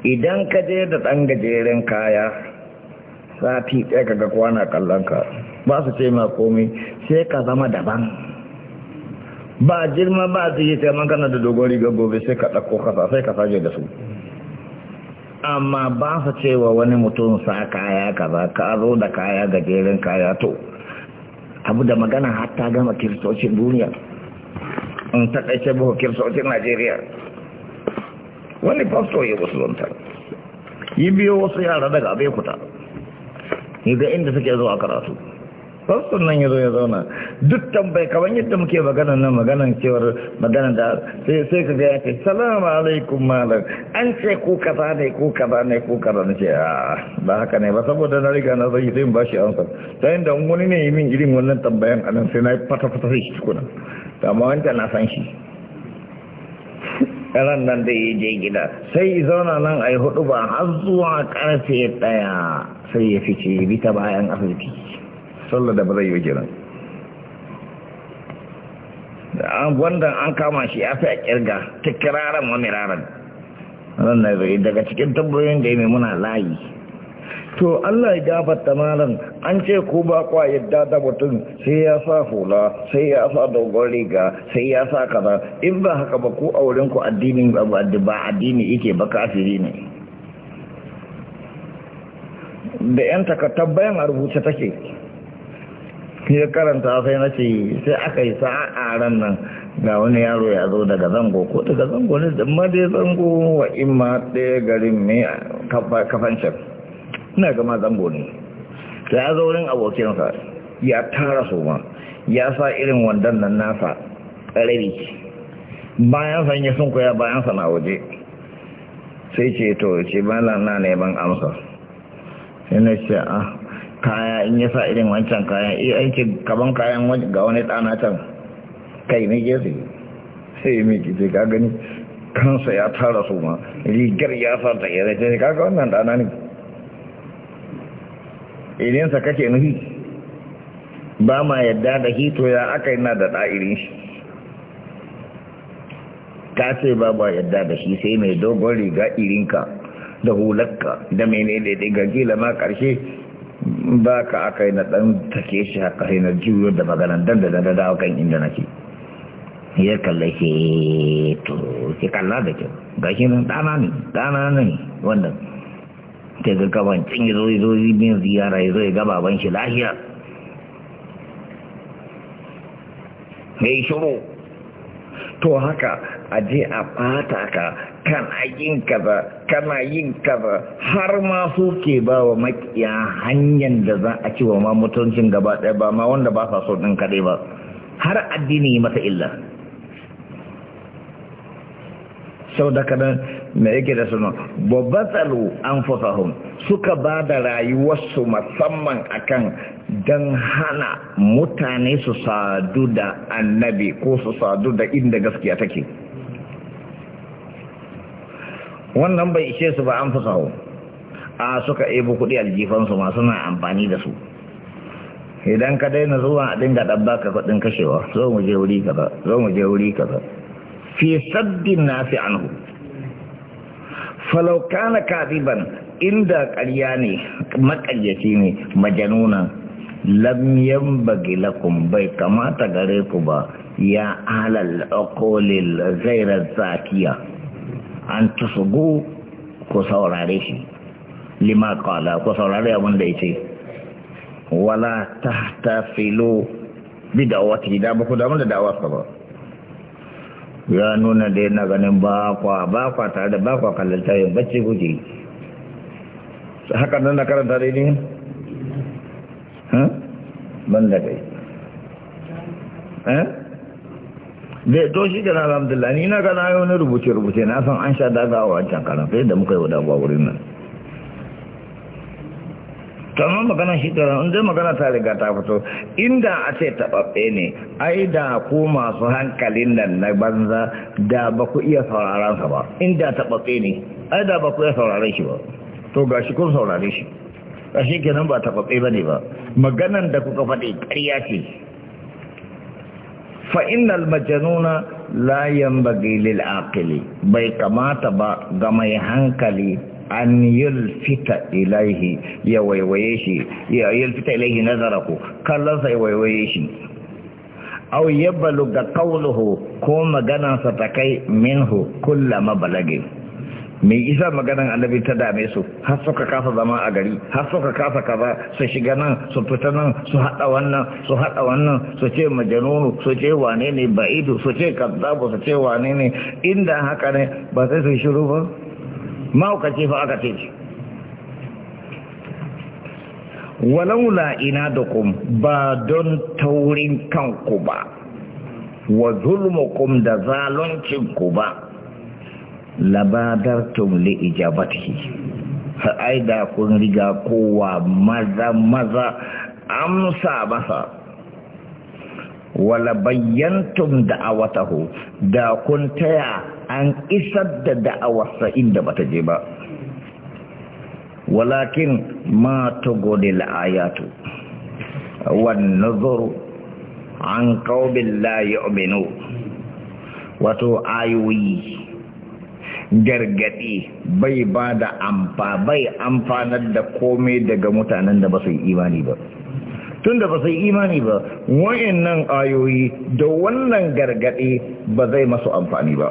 idan ka je da ɗan gajeren kaya sati ɗaya ka ga kwana kallonka ba su ce ma komai sai ka zama daban ba jirma ba su yi man kana da dogon riga gobe sai ka ɗauko kasa sai ka sage da su amma ba su ce wa wani mutum sa kaya kaza ka zo da kaya gajeren kaya to abu da magana hatta gama kiristocin duniya in taƙaice buhu kiristocin najeriya wani pastor ya wasu musulunta yi biyo wasu yara daga abekuta ga inda suke zuwa karatu pastor nan ya zo ya zauna duk tambayi kamar yadda muke magana nan maganan cewar magana da sai sai ka ga ya ce salamu alaikum malam an ce ko kaza ne ko kaza ne ko kaza ne ce a ah, ba haka ne ba saboda na riga na zai sai ba shi san ta yadda wani ne yi min irin wannan tambayan anan sai na fata fata shi tukuna amma wancan na san shi ran nan da ya je gida sai zauna nan a yi hudu ba har zuwa karfe daya sai ya fice ya bi ta bayan afirki sallar da ba zai yi jiran wanda an kama shi ya fi a kirga ta kiraran wa ran nan daga cikin tambayoyin da ya mai muna layi to Allah ya gafarta malam an ce ko ba kwa yadda da mutum sai ya sa hula sai ya sa dogon riga sai ya sa kaza in ba haka ba ko auren ku addini ba addini yake ba kafiri ne da yan takattar bayan a rubuce take ya karanta sai na ce sai aka yi sa'a ran nan ga wani yaro ya zo daga zango ko daga zango ne da ma dai zango wa ma ɗaya garin mai kafancin ina gama zango ne ta ya zaurin abokinsa ya tara su ma ya sa irin wandan nan nasa ƙarari bayan san ya sun koya bayan sana waje sai ce to ce malam na neman amsa sai na ce a ah, kaya in ya sa irin wancan kayan iya eh, aiki kaban kayan ga wani ɗana can kai ne ke su sai mai kice ka gani kansa ya tara su ma rigar ya sa ta yare ce kaga wannan ɗana ne irinsa kake nufi ba ma yadda da hito ya aka yi na da ɗa'irin shi ta ce ba ba yadda da shi sai mai dogon riga irinka da hulakka da ne daidai ga gila ma ƙarshe ba ka aka yi na ɗan take shi haka sai na juyo da maganan dan da da dawakan kan inda nake ya kalla ke to ke kalla da kyau gashi nan ɗana ne ɗana ne wannan ta ga gabancin ya ya bin ziyara ya zo ya gaba ban shi lahiya mai shiru to haka a je a fata ka kana yin kaza kana yin kaza har ma su ke ba wa makiya hanyar da za a ci wa ma mutuncin gaba ɗaya ba ma wanda ba sa so ɗin kaɗai ba har addini masa illa sau da kadan me yake da suna babbatsalu an fasahun. suka ba da rayuwarsu musamman akan don hana mutane su sadu da annabi ko su sadu da inda gaskiya take wannan bai ishe su ba an fasahun. a suka ebo kuɗi aljifansu ma suna amfani da su idan ka daina zuwa a dinga ɗabba ka kudin kashewa zo mu je wuri kaza zo mu je wuri kaza fi saddin nasi anhu falau kana inda ƙarya ne maƙaryaci ne majanuna lamyan yanbaghi bai kamata gare ku ba ya halal aqolil zaira zafiya an tusugu ku saurare shi lima qala ku saurare abin da ce. wala ta tahtafilu bi wata da ba ku da da da'awa ba ya nuna da yana ganin bakwa bakwa tare da bakwa kwa kallon tayin bacci kuke haka nuna karanta karanta yi ne? ban da kai da to shi gana alhamdulillah ni na gana yau na rubuce-rubuce na san an sha daga a wancan karanta yadda muka yi wadawa wurin nan to magana shi da in zai magana ta riga ta fito inda a ce taɓaɓɓe ne ai da ku masu hankalin nan na banza da ba ku iya sauraron sa ba inda taɓaɓɓe ne ai da ba ku iya saurare shi ba to gashi kun saurare shi gashi kenan ba taɓaɓɓe ba ne ba maganan da kuka faɗi ƙarya ce la المجنون lil ينبغي bai kamata ba ga mai hankali. an yulfita ilaihi ya waiwaye shi ya yulfita ilaihi nazaraku kallonsa ya waiwaye shi aw yabalu ga qawluhu ko maganansa ta kai minhu kullama balage mai isa maganan annabi ta dame su har suka kafa zama a gari har suka kafa kaza su shiga nan su fita nan su hada wannan su hada wannan su ce majanunu su ce wane ne ba'idu su ce kazzabu su ce wane ne inda haka ne ba sai su shiru ba ce, fa aka ce shi walaula ina da ba don taurin kanku ba wa zulmukum da zaluncinku ba labadartum li ijabatihi ai da kun riga kowa maza maza amsa masa wala bayyantum da'awatahu da kun taya an isar da da'awarsa inda bata je ba walakin ma gode ayatu wan nuzuru an qaumin la yu'minu wato ayoyi gargadi bai ba da amfa bai amfanar da komai daga mutanen da ba su yi imani ba tun da ba su yi imani ba wa'annan ayoyi da wannan gargadi ba zai masu amfani ba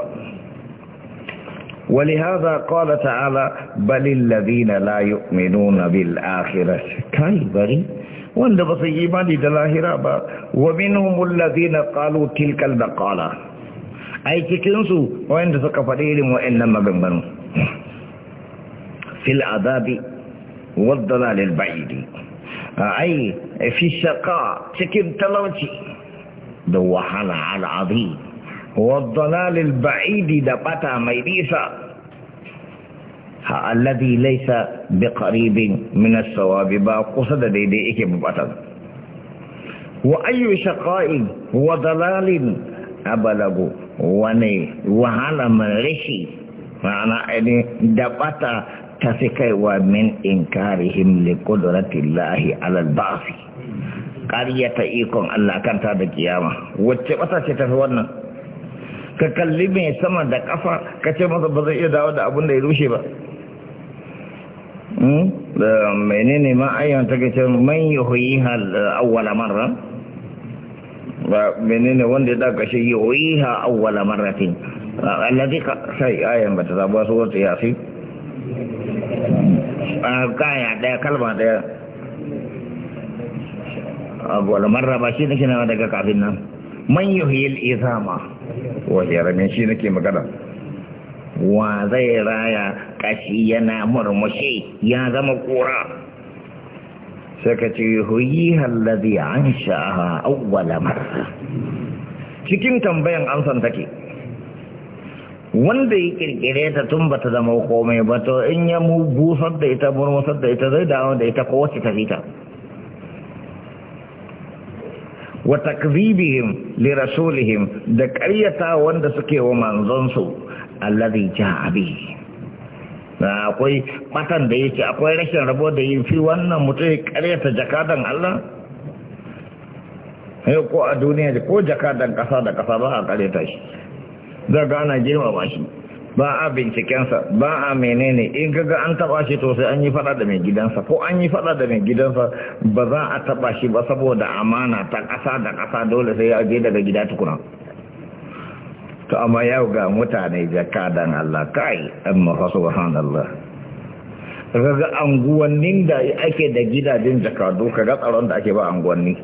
ولهذا قال تعالى بل الذين لا يؤمنون بالاخره كاي بري wanda ba su imani da lahira ba wa minhumul ladina qalu tilkal baqala ai cikin su wanda suka faɗi irin wa'annan maganganu fil adabi wal dalal al ba'id ai fi shaqa cikin talauci da wahala al azim والضلال البعيد دقتا ميليسا الذي ليس بقريب من الصواب با قصد ديدي إكي مبطل وأي شقاء وضلال أبلغ وني وهل من رشي معنى أن دقتا تسكي ومن إنكارهم لقدرة الله على البعث قرية إيكم الله كانت هذا القيامة واتبعت تتفونا ka kalli mai sama da kafa ka ce masa ba zai iya dawo da abin da ya rushe ba hmm? da menene ma ayyan ta ke ce man yi yuhyi hal awwala marra ba menene wanda ya daga shi yuhyi ha awwala marratin alladhi sai ayyan bata zaba su wata yafi kaya daya kalma daya awwala marra ba shi ne daga kafin nan man yuhyi al izama wahiyar min shi nake magana wa zai raya kashi yana murmushi ya zama kura sai ka ce huyi hallazi an sha'aha awwala marra cikin tambayan amsan take wanda ya kirkire ta tun ba ta zama komai ba to in ya mu busar da ita murmusar da ita zai dawo da ita ko wacce ta fita wa takzibihim li rasulihim da ƙaryata wanda suke wa manzonsu allazi ja'a bihi na akwai matan da yake akwai rashin rabo da yin fi wannan mutum ya ƙaryata jakadan Allah sai eh, ko a duniya ko jakadan ƙasa da ƙasa ba a ƙaryata shi zaga ana girmama shi ba a bincikensa ba a menene in kaga an taba shi to sai an yi fada da mai gidansa ko an yi fada da mai gidansa ba za a taba shi ba saboda amana ta kasa da kasa dole sai ya je daga gida tukuna to amma yau ga mutane dan Allah kai amma fa subhanallah kaga anguwannin da ake da gidajen jakadu ga tsaron da ake ba anguwanni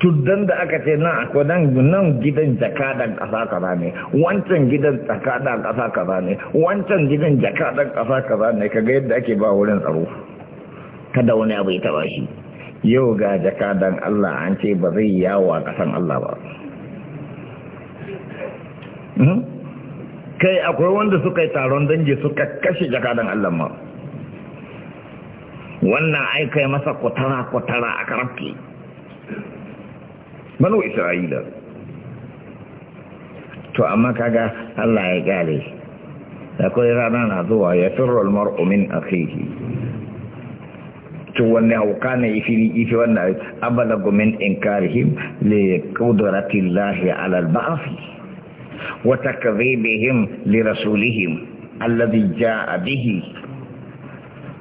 tuddan da aka ce nan akwai nan nan gidan jakadan kasa kaza ne wancan gidan jakadan kasa kaza ne wancan gidan jakadan kasa kaza ne kaga yadda ake ba wurin tsaro kada wani abu ya taba shi yau ga jakadan Allah an ce ba zai yawo a kasan Allah ba hmm? kai akwai wanda suka yi taron dangi suka kashe jakadan Allah ma wannan aikai masa kutara-kutara a karfi banu isra'ila to amma kaga Allah ya gare akwai rana na zuwa ya firro mar'u min akhihi to wanne hauka ne ifi ifi wannan abalagu min him le qudratillahi ala al-ba'th wa takdhibihim li rasulihim alladhi ja'a bihi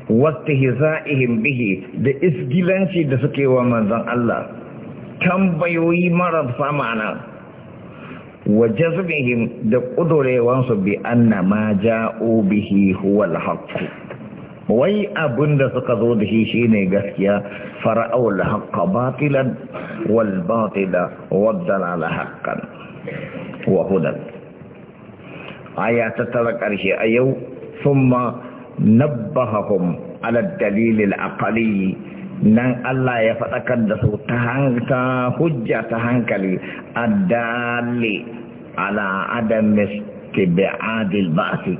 wastihza'ihim bihi da isgilanci da suke wa manzon Allah tambayoyi marasa ma'ana wa jazbihim da kudurewansu bi anna ma ja'u bihi huwa al-haqq wai abin da suka zo da shi shine gaskiya fara'u al-haqq batilan wal batila waddala al haqqan wa hudan aya ta tara karshe a yau thumma nabbahahum ala dalil al-aqli nan Allah ya faɗakar da su ta hujja ta hankali a dalle ala adam istibi'adil ba'si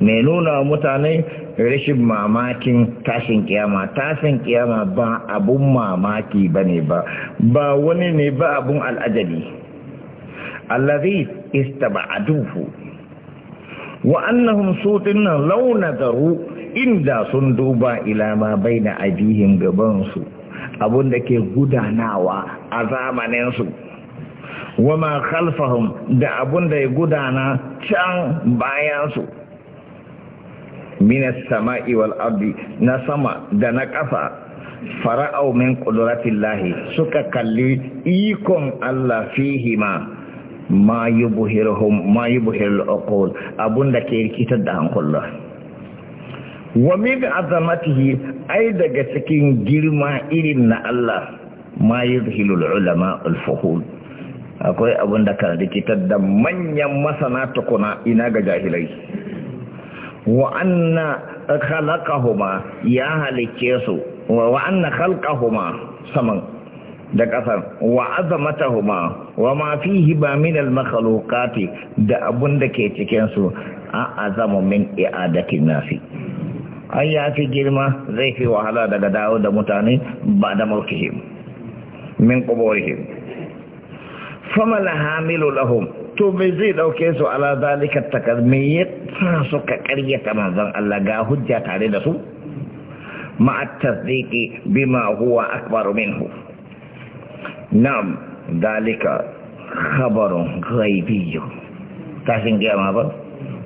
Me nuna mutane rashin mamakin tashin kiyama tashin kiyama ba abun mamaki ba ne ba ba wani ne ba abun al'ajabi allazi istaba'aduhu wa annahum su launa garu inda sun duba ila ma baina abihim gaban su abun da ke gudanawa a zamanin su wa ma khalfahum da abun da ya gudana can bayan su minas sama'i wal ardi na sama da na ƙasa fara'au min ƙudurattillahi suka kalli ikon Allah fihima ma yi ma yubuhirul abun da ke rikitar da hankula wa min azamatihi ai daga cikin girma irin na Allah ma yuzhilul ulama al fuhul akwai da kan rikitar da manyan masana tukuna ina ga jahilai wa anna khalaqahuma ya halike su wa anna khalqahuma saman da ƙasar wa azamatahuma wa ma fi ba min al da abun da ke cikin su a azamu min i'adati nasi ai ya fi girma zai fi wahala daga dawo da mutane ba da mulkihim min quburihim fama hamilu lahum to me zai dauke su ala zalika takaz ya suka karyata manzon Allah ga hujja tare da su ma'a tasdiqi bima huwa akbaru minhu نعم ذلك خبر غيبي تحسن قيام هذا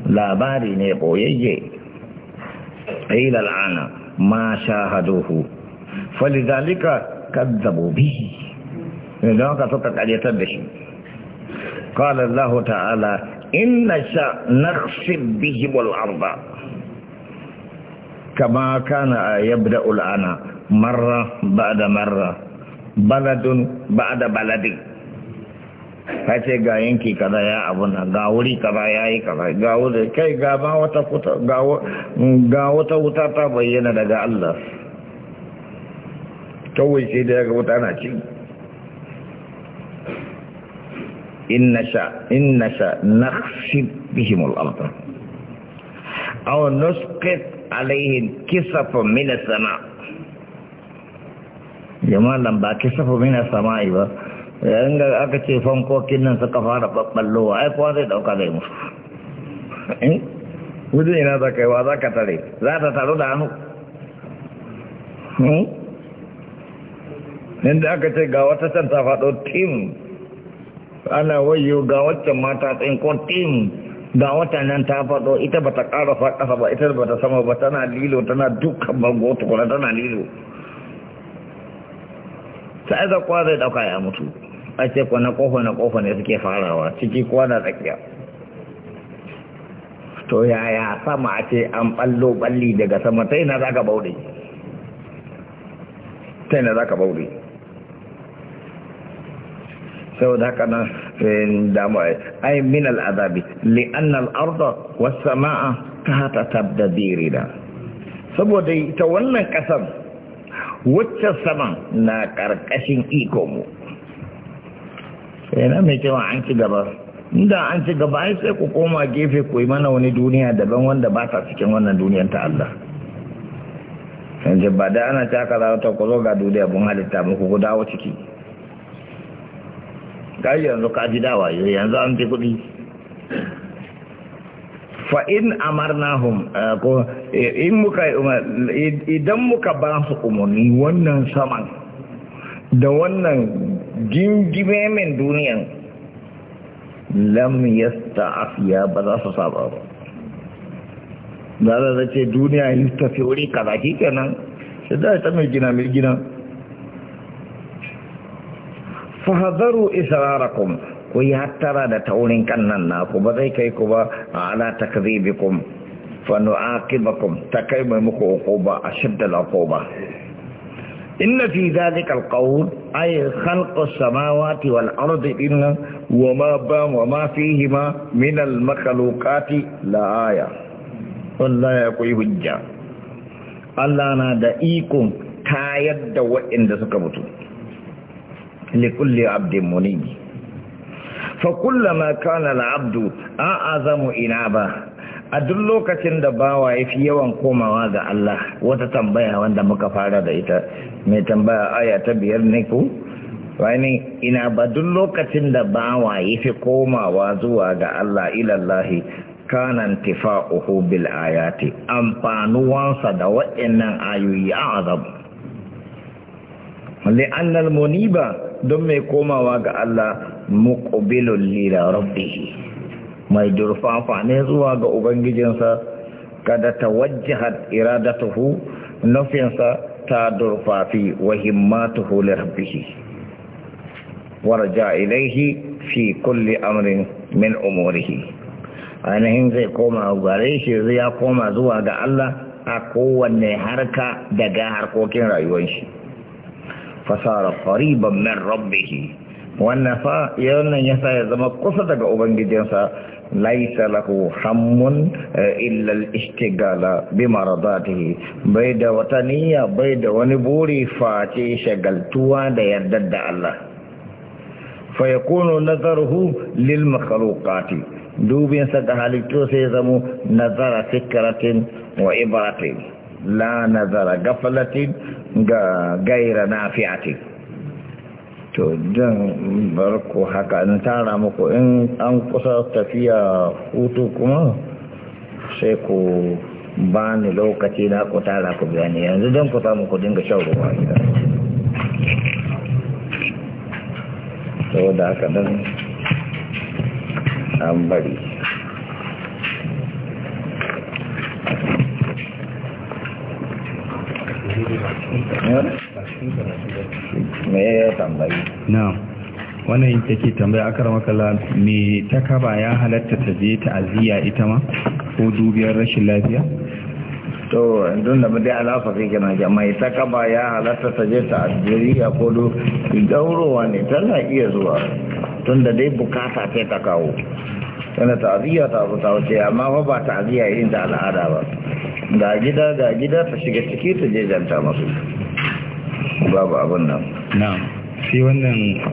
لا باري نيبو يجي قيل الآن ما شاهدوه فلذلك كذبوا به لذلك سقط عليه تبش قال الله تعالى إن نشاء نخسب بهم الأرض كما كان يبدأ الآن مرة بعد مرة baladun da baladin ka ce ga yanki kada ya abu na ga wuri kada ya yi kada ga wuri kai ga ba wata kuta ga wata wuta ta bayyana daga Allah kawai sai da ya ga wuta na ci in nasha in nasha nakhsib bihim al-ardh aw nusqit alaihin kisafan min as jamalan ba safa mina sama'i ba yayin da aka ce fankokin nan suka fara babballowa eh, ai kowa zai dauka zai musu gudun eh? ina za ka yi wa za ka tare za ta taru da hannu inda hmm? aka ce ga wata can ta faɗo tim ana wayo ga waccan mata ko tim ga wata nan ta faɗo ita ba ta ƙara faɗa ba ita ba ta sama ba tana lilo tana dukkan bango tukuna tana lilo ta aza kwarai zai dauka ya mutu a ce na kofa na kofa ne suke farawa ciki kuwa na tsakiya to yaya sama a ce an ballo balli daga sama ta yana za ka bauɗe ta yana za ka bauɗe sau da haka nan ya eh, ai min al'adabi li'an al'arda wasu sama'a ta hata tabda dirina saboda ita wannan kasar Wacce saman na ƙarƙashin ikonmu yana mai cewa an ci gaba inda an ci gaba ai sai ku koma gefe ku yi mana wani duniya daban wanda ba ta cikin wannan duniyar ta Allah yanzu ba da ana taka za ta ku ga duniya mun halitta muku ku dawo ciki ga yanzu ka ji dawa yanzu an ji kuɗi fa in amarnahum eh, ko eh, in muka idan muka ba su umarni wannan saman da wannan jingimemin duniyan lam yasta afiya ba za su saba ba za da za ce duniya yi tafi wuri kaza ki kenan shi da ta mai gina mai gina Fa fahadaru israrakum ku yi hattara da taurin kan nan naku ba zai kai ku ba a ala takzibikum fa nu'aqibakum ta kai mai muku uquba ashadda al-uquba inna fi zalika al-qawl ay khalqu samawati wal ardi inna wa ma ba wa ma fihima min al-makhluqati la aya wallahi akwai hujja Allah na da ikon tayar da waɗanda suka mutu likulli abdin munib fa kullama kana al-abdu a'azamu inaba a duk lokacin da bawa ya fi yawan komawa ga Allah wata tambaya wanda muka fara da ita mai tambaya aya ta biyar ne ku wani ina ba duk lokacin da bawa ya fi komawa zuwa ga Allah ilallahi kanan tifa'uhu bil ayati amfanuwansa da waɗannan ayoyi a azab li'annal muniba don mai komawa ga Allah muƙubilun lila rabbihi mai durfafa ne zuwa ga ubangijinsa kada ta tawajjahat iradatuhu nufinsa ta durfafi wa himmatuhu li rabbih warja ilaihi fi kulli amrin min umurihi ainihin zai koma gare shi zai ya koma zuwa ga Allah a kowanne harka daga harkokin rayuwar shi fasara qariban min rabbihi wannan fa wannan ya sa ya zama kusa daga ubangijinsa laisa lahu hammun eh, illa al-ishtigala bi maradatihi bai da wata niyya bai da wani buri face shagaltuwa da yardar da Allah fa yakunu nazaruhu lil makhluqati dubin sa da halittu sai zamo nazara fikratin wa ibratin la nazara gafalatin ga gaira nafi'atin to jan bar ku haka in tara muku in an kusa tafiya hutu kuma sai ku ba ni lokaci na ku tara ku biya ne yanzu don ku samu ku dinga shan ruwa to da haka don an bari Yeah. me ya tambayi na'am wannan yake ke tambaya akar makala me ta kaba ya halatta ta je ta'aziyya ita ma ko dubiyar rashin lafiya to don da dai alafa kai na jama'a ta kaba ya halatta ta je ta Algeria ko do daurowa ne tana iya zuwa tun da dai bukata ce ta kawo tana ta'aziyya ta zo ta wuce amma fa ba ta'aziyya irin da al'ada ba ga gida ga gida ta shiga ciki ta je janta masu babu abin nan na'am sai wannan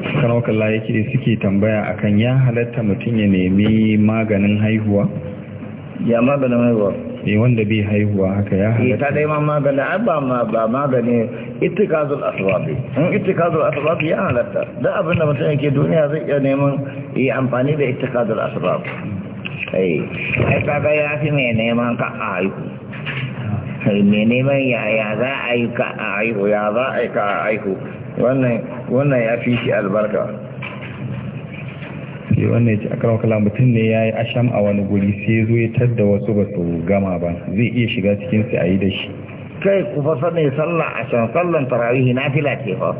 layaki da suke tambaya akan ya halatta mutum ya nemi maganin haihuwa? ya maganin haihuwa e wanda bai haihuwa haka ya halatta ta maganin magani ba ba magani itikazul asbabi in itikazul asbabi ya halatta da abinda mutum yake duniya zai iya neman yi amfani da itikazul asbab ai ai kaga ya fi mai neman ka a haihu kai mai neman yaya za a yi ka a aihu ya za a yi ka a aihu wannan ya fi shi albarka sai wannan ya ci akar wakala mutum ne ya yi asham a wani guri sai zo ya tadda wasu ba su gama ba zai iya shiga cikin su a yi da shi kai ku fa sani sallah a can sallan tarawihi na fila ce fa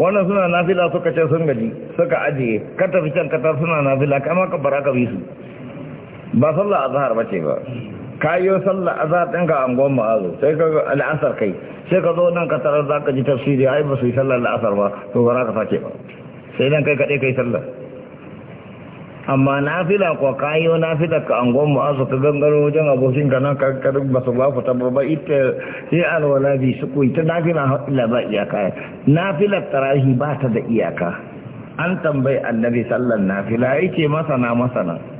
wannan suna nafila suka ce sun gaji suka ajiye ka tafi can ka suna nafila kama ka bara ka bi su ba sallah zahar ba ce ba kayo sallah a zaɗin ka angon ma'azu sai ka al'asar kai sai ka zo nan ka tarar za ka ji tafsiri ai ba su yi sallar la'asar ba to ba za ka sake ba sai nan kai kaɗai kai sallar amma na nafila ko kayo nafila ka angon ma'azu ka gangaro wajen abokin ka nan ka ba su ba fita ba ba ita sai alwala bi su ko ita nafila illa ba iyaka nafilar tarahi ba ta da iyaka an tambayi annabi sallar nafila yake masana masana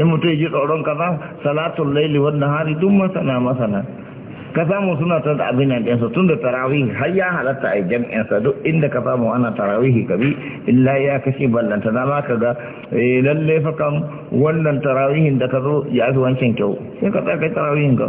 in mutum ji tsoron kaza salatul laili wanda hari duk masana masana ka samu suna ta da abin nan ɗinsa tun da tarawih har ya halatta a jam'insa duk inda ka samu ana tarawih ka bi illa ya kashe ballanta na maka ga eh, lalle fa kan wannan tarawihin da ka zo ya fi wancan kyau sai ka tsaka tarawihin ka